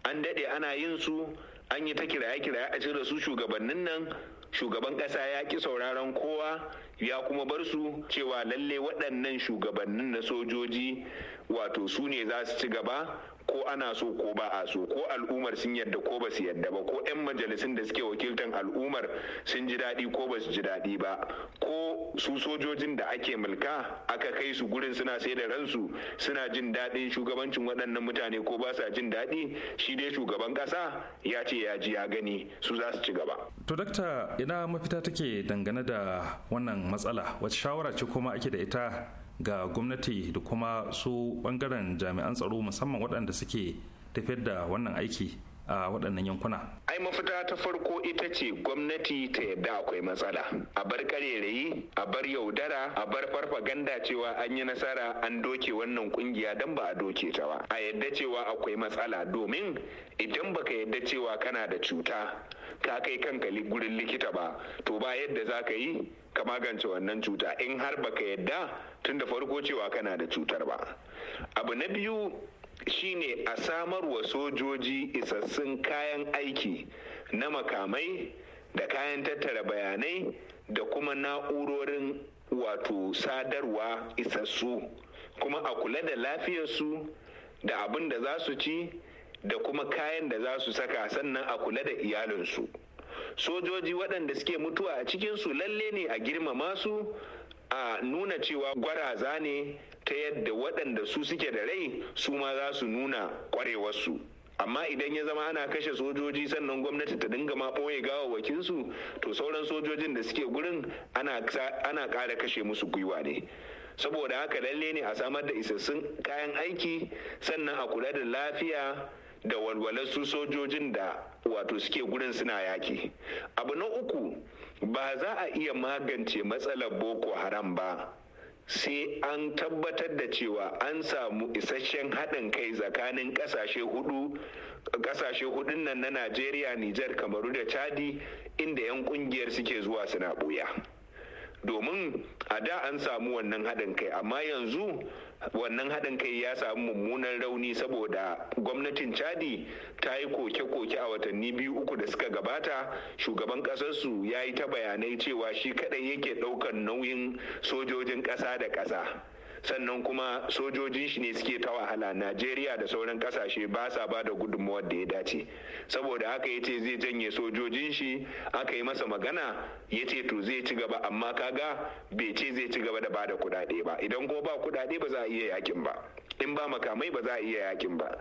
an daɗe ana yin su an yi ta kiraye-kiraye a cire su shugabannin nan shugaban ƙasa ya ki sauraron kowa ya kuma bar su cewa lalle waɗannan shugabannin na sojoji wato su ne za su ci gaba ko ana so ko ba a so ko al'ummar sun yadda ko ba su yadda ba ko 'yan majalisun da suke wakiltan al'ummar sun ji daɗi ko ba su ji daɗi ba ko su sojojin da ake mulka aka kai su gurin suna sai da ransu suna jin daɗin shugabancin waɗannan mutane ko ba sa jin daɗi shi dai shugaban ƙasa ya ce ya ji ya gani su za su ci gaba. to dakta ina mafita take dangane da wannan matsala wace shawara ce kuma ake da ita ga gwamnati da kuma su bangaren jami'an tsaro musamman waɗanda suke tafiyar da wannan aiki a waɗannan yankuna. Ai mafita ta farko ita ce gwamnati ta yadda akwai matsala. A bar karerayi, a bar yaudara, a bar farfaganda cewa an yi nasara an doke wannan kungiya don ba a doke ta ba. A yadda cewa akwai matsala domin idan baka yadda cewa kana da cuta ka kai kanka gurin likita ba to ba yadda za ka yi ka magance wannan cuta in har baka yadda tun da farko cewa kana da cutar ba abu na biyu shine a samar wa sojoji isassun kayan aiki na makamai da kayan tattara bayanai da kuma na'urorin wato sadarwa isassu kuma a kula da lafiyarsu da abin da za su ci da kuma kayan da za su saka sannan a kula da iyalinsu sojoji waɗanda suke mutuwa a cikinsu lalle ne a girmama su a nuna cewa gwaraza ne ta yadda waɗanda su suke da rai su ma za su nuna ƙwarewarsu amma idan ya zama ana kashe sojoji sannan gwamnati ta dinga ma ɓoye wakinsu to sauran sojojin da suke gurin ana ƙara kashe musu gwiwa ne saboda haka lalle ne a samar da isassun kayan aiki sannan a kula da lafiya da walwalar su sojojin da wato suke gurin suna yaki abu na uku ba za a iya magance matsalar boko haram ba sai an tabbatar da cewa an samu isasshen haɗin kai tsakanin ƙasashe hudu ƙasashe hudun nan na najeriya nijar kamaru da chadi inda 'yan ƙungiyar suke zuwa suna ɓuya domin a da an samu wannan haɗin kai amma yanzu wannan haɗin kai ya samu mummunan rauni saboda gwamnatin chadi ta yi koke-koke a watanni biyu uku da suka gabata shugaban ƙasarsu ya yi ta bayanai cewa shi kaɗai yake ɗaukar nauyin sojojin ƙasa da ƙasa sannan kuma sojojin shi ne suke ta wahala najeriya da sauran kasashe ba sa ba da gudunmawar da ya dace saboda haka ya ce zai janye sojojin shi aka yi masa magana ya ce to zai ci gaba amma kaga bai ce zai ci gaba da ba da kuɗaɗe ba idan ko ba kudade ba za a iya yakin ba in ba makamai ba za a iya yakin ba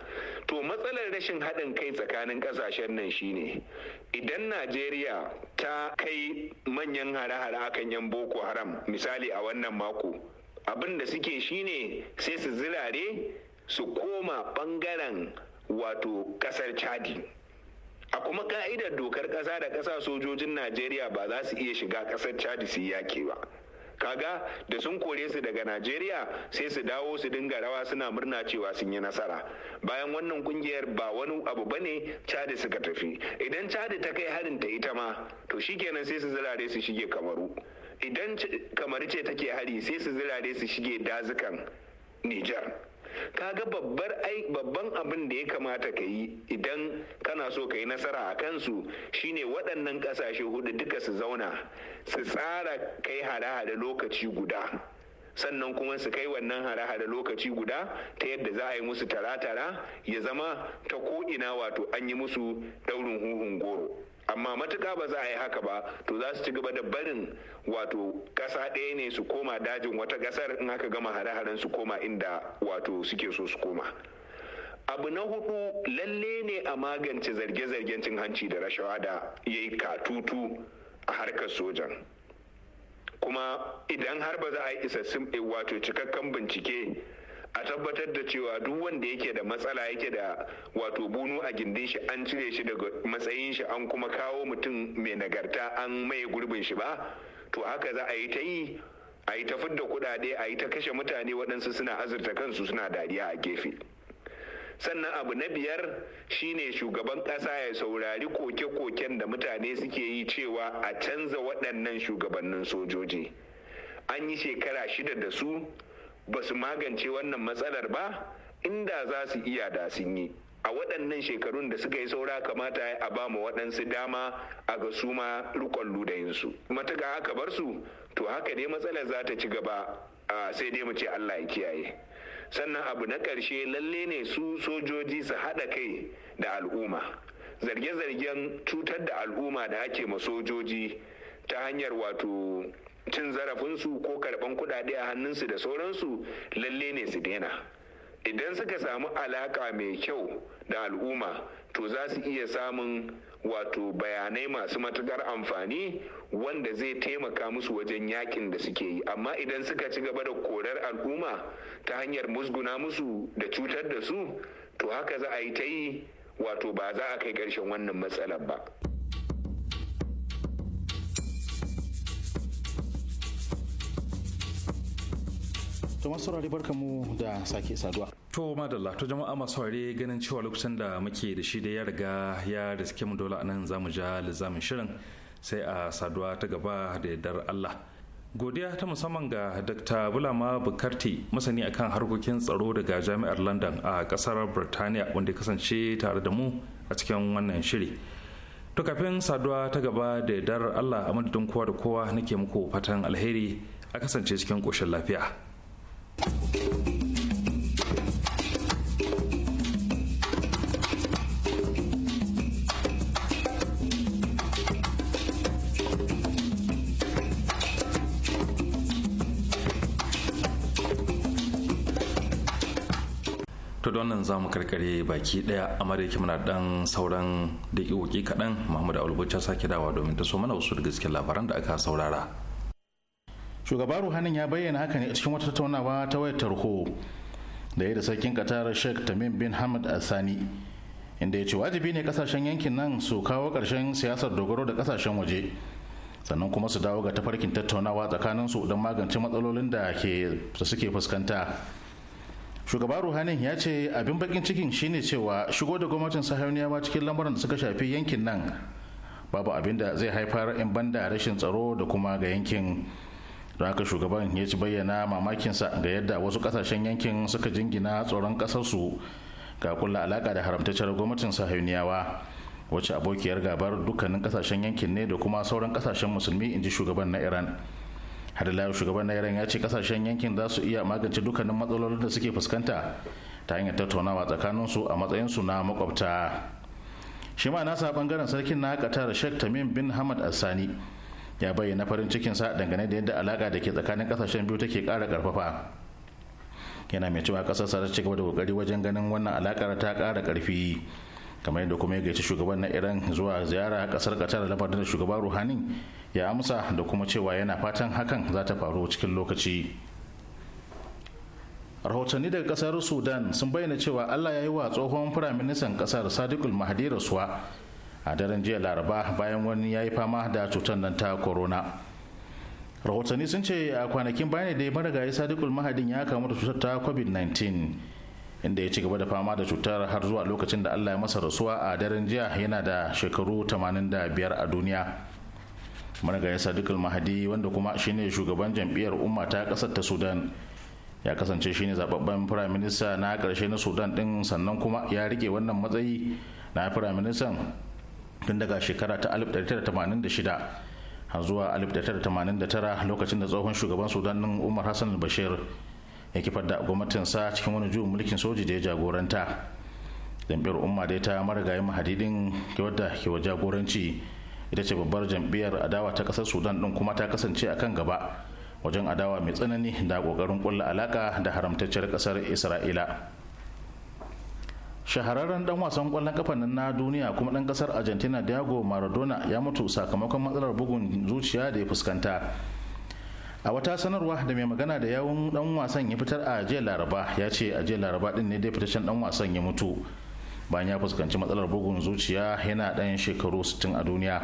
to matsalar rashin haɗin kai tsakanin ƙasashen nan shine idan najeriya ta kai manyan hare-hare akan yan boko haram misali a wannan mako abin da suke shine sai su zirare su koma bangaren wato kasar chadi a kuma ka'idar dokar kasa da ƙasa sojojin najeriya ba za su iya shiga kasar chadi su yake ba kaga da sun kore su daga najeriya sai su dawo su dinga rawa suna murna cewa sun yi nasara bayan wannan kungiyar ba wani abu ba ne chadi suka tafi idan chadi ta kai harin ta ita ma to shi kenan sai su zirare su shige kamaru idan kamar ce take hari sai su zirare su shige dazukan nijar kaga babbar babban abin da ya kamata ka yi idan kana so ka yi nasara a kansu shine waɗannan ƙasashe hudu duka su zauna su tsara kai hare-hare lokaci guda sannan kuma su kai wannan hare-hare lokaci guda ta yadda za a yi musu tara-tara ya zama ta ko'ina wato an yi musu daurin huhun goro amma matuka ba za a yi haka ba to za su ci gaba da barin wato ƙasa ɗaya ne su koma dajin wata ƙasar in aka gama hare-haren su koma inda wato suke so su koma abu na hudu lalle ne a magance zarge-zargen cin hanci da rashawa da ya yi katutu a harkar sojan kuma idan har ba za a yi isassun eh, wato cikakken bincike a tabbatar da cewa duk wanda yake da matsala yake da wato bunu a gindin shi an cire shi daga matsayin shi an kuma kawo mutum mai nagarta an maye gurbin shi ba to haka za a yi ta yi a yi tafi da kuɗaɗe a yi ta kashe mutane waɗansu suna azurta kansu suna dariya a gefe sannan abu na biyar shine shugaban ƙasa ya saurari koke-koken da mutane suke yi cewa a canza waɗannan shugabannin sojoji an yi shekara shida da su ba su magance wannan matsalar ba inda za su iya da sun yi a waɗannan shekarun da suka yi saura kamata a ba mu waɗansu dama a ga su ma rikon ludayinsu matuka aka bar su to haka dai matsalar za ta ci gaba sai dai mu ce allah ya kiyaye sannan abu na ƙarshe lalle ne su sojoji su haɗa kai da al'umma zarge-zargen cutar da al'umma da ake ma sojoji ta hanyar wato cin zarafinsu ko karban kuɗaɗe a hannunsu da sauransu lalle ne su daina idan suka samu alaƙa mai kyau da al'umma to za su iya samun wato bayanai masu matukar amfani wanda zai taimaka musu wajen yakin da suke yi amma idan suka ci gaba da korar al'umma ta hanyar musguna musu da cutar da su to haka za a yi ta yi wato ba za a kai ƙarshen wannan matsalar ba. To masu rari barka mu da sake saduwa. To madalla to jama'a masu saurare ganin cewa lokacin da muke da shi da ya riga ya riske mu dole anan zamu ja lizamin shirin sai a saduwa ta gaba da dar Allah. Godiya ta musamman ga Dr. Bulama Bukarti masani akan harkokin tsaro daga Jami'ar London a kasar Birtaniya wanda kasance tare da mu a cikin wannan shiri. To kafin saduwa ta gaba da dar Allah a madadin kowa da kowa nake muku fatan alheri a kasance cikin ƙoshin lafiya. to don nan za mu karkare baki daya amma da yake muna dan sauran da kaɗan muhammadu alubucha sake dawa domin ta so mana wasu da gaske labaran da aka saurara shugaba ruhanin ya bayyana haka ne a cikin wata tattaunawa ta wayar tarho da ya da sarkin katar sheikh tamim bin hamad asani inda ya ce wajibi ne kasashen yankin nan su kawo karshen siyasar dogaro da kasashen waje sannan kuma su dawo ga tafarkin tattaunawa tsakanin su don magance matsalolin da suke fuskanta shugaba ruhanin ya ce abin bakin cikin shine cewa shigo da gwamnatin sahiyoniyawa cikin lamuran da suka shafi yankin nan babu abin da zai haifar in banda rashin tsaro da kuma ga yankin don haka shugaban ya ci bayyana mamakinsa ga yadda wasu kasashen yankin suka jingina tsoron kasarsu ga kulla alaka da haramtacciyar gwamnatin sahiyuniyawa wacce abokiyar gabar dukkanin kasashen yankin ne da kuma sauran kasashen musulmi in ji shugaban na iran har shugaban na iran ya ce kasashen yankin za su iya magance dukkanin matsalolin da suke fuskanta ta hanyar tattaunawa tsakaninsu a matsayinsu na makwabta shi ma nasa bangaren sarkin na qatar sheikh tamim bin hamad sani. ya bayyana farin cikinsa dangane da yadda alaka da ke tsakanin kasashen biyu take kara karfafa yana mai cewa kasar sa ci gaba da kokari wajen ganin wannan alakar ta kara karfi kamar yadda kuma ya gaishe shugaban na iran zuwa ziyara kasar qatar lamarin da shugaban ruhani ya amsa da kuma cewa yana fatan hakan za ta faru cikin lokaci rahotanni daga kasar sudan sun bayyana cewa allah ya yi wa tsohon firaministan kasar sadiqul mahdi rasuwa a daren jiya laraba bayan wani ya yi fama da cutar nan ta corona rahotanni sun ce a kwanakin bayan da ya marigayi sadiqul mahadin ya kamu da cutar ta covid-19 inda ya ci gaba da fama da cutar har zuwa lokacin da allah ya masa rasuwa a daren jiya yana da shekaru 85 a duniya marigayi sadiqul mahadi wanda kuma shine shugaban jam'iyyar umma ta kasar ta sudan ya kasance shine zababben firaminista na karshe na sudan din sannan kuma ya rike wannan matsayi na firaministan. tun daga shekara ta 1986 har zuwa 1989 lokacin da tsohon shugaban sudanin umar hassan bashir ya kifar da sa cikin wani juyin mulkin soji da ya jagoranta jam'iyyar umma dai ta marigayi mahadidin wadda ke wa jagoranci ita ce babbar jam'iyyar adawa ta kasar sudan din kuma ta kasance a kan gaba wajen adawa mai tsanani da kokarin kulla alaka da haramtacciyar kasar isra'ila shahararren dan wasan kwallon kafa na duniya kuma dan kasar argentina diego maradona ya mutu sakamakon matsalar bugun zuciya da ya fuskanta a wata sanarwa da mai magana da yawun dan wasan ya fitar a jiya laraba ya ce a jiya laraba din ne dai fitaccen dan wasan ya mutu bayan ya fuskanci matsalar bugun zuciya yana dan shekaru 60 a duniya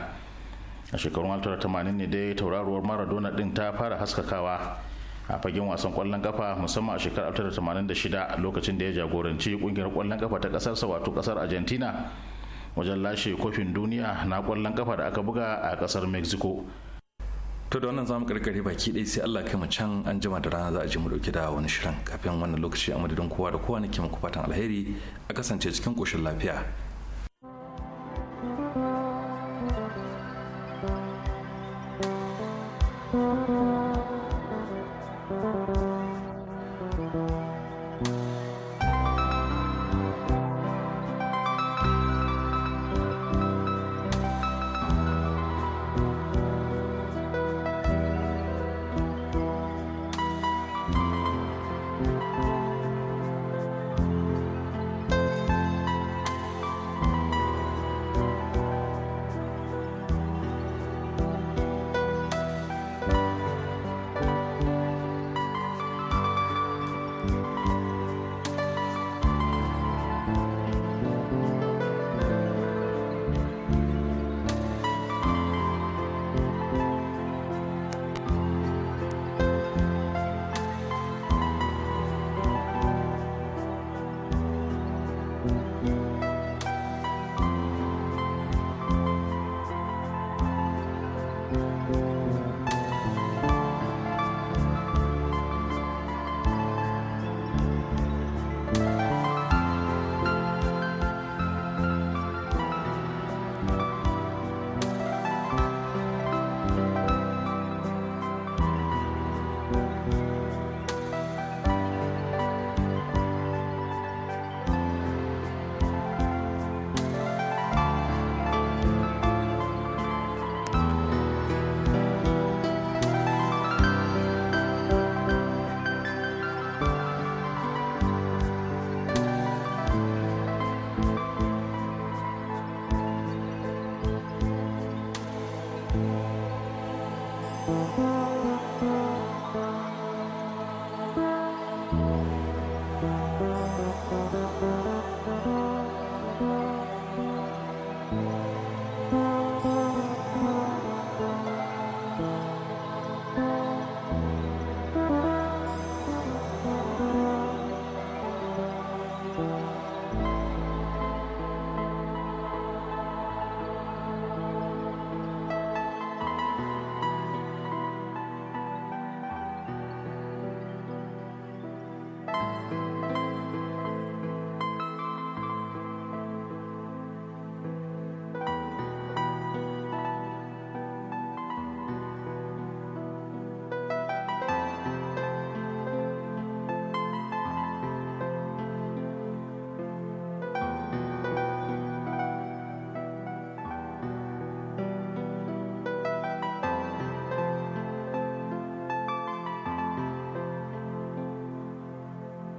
a shekarun 1980 ne dai tauraruwar maradona din ta fara haskakawa a fagen wasan kwallon kafa musamman a shekarar 1986 lokacin da ya jagoranci kungiyar kwallon kafa ta kasarsa wato kasar argentina wajen lashe kofin duniya na kwallon kafa da aka buga a kasar mexico to da wannan zamu karkare baki dai sai Allah kai mu can an jima da rana za a je mu dauki da wani shirin kafin wannan lokaci a madadin kowa da kowa nake muku fatan alheri a kasance cikin koshin lafiya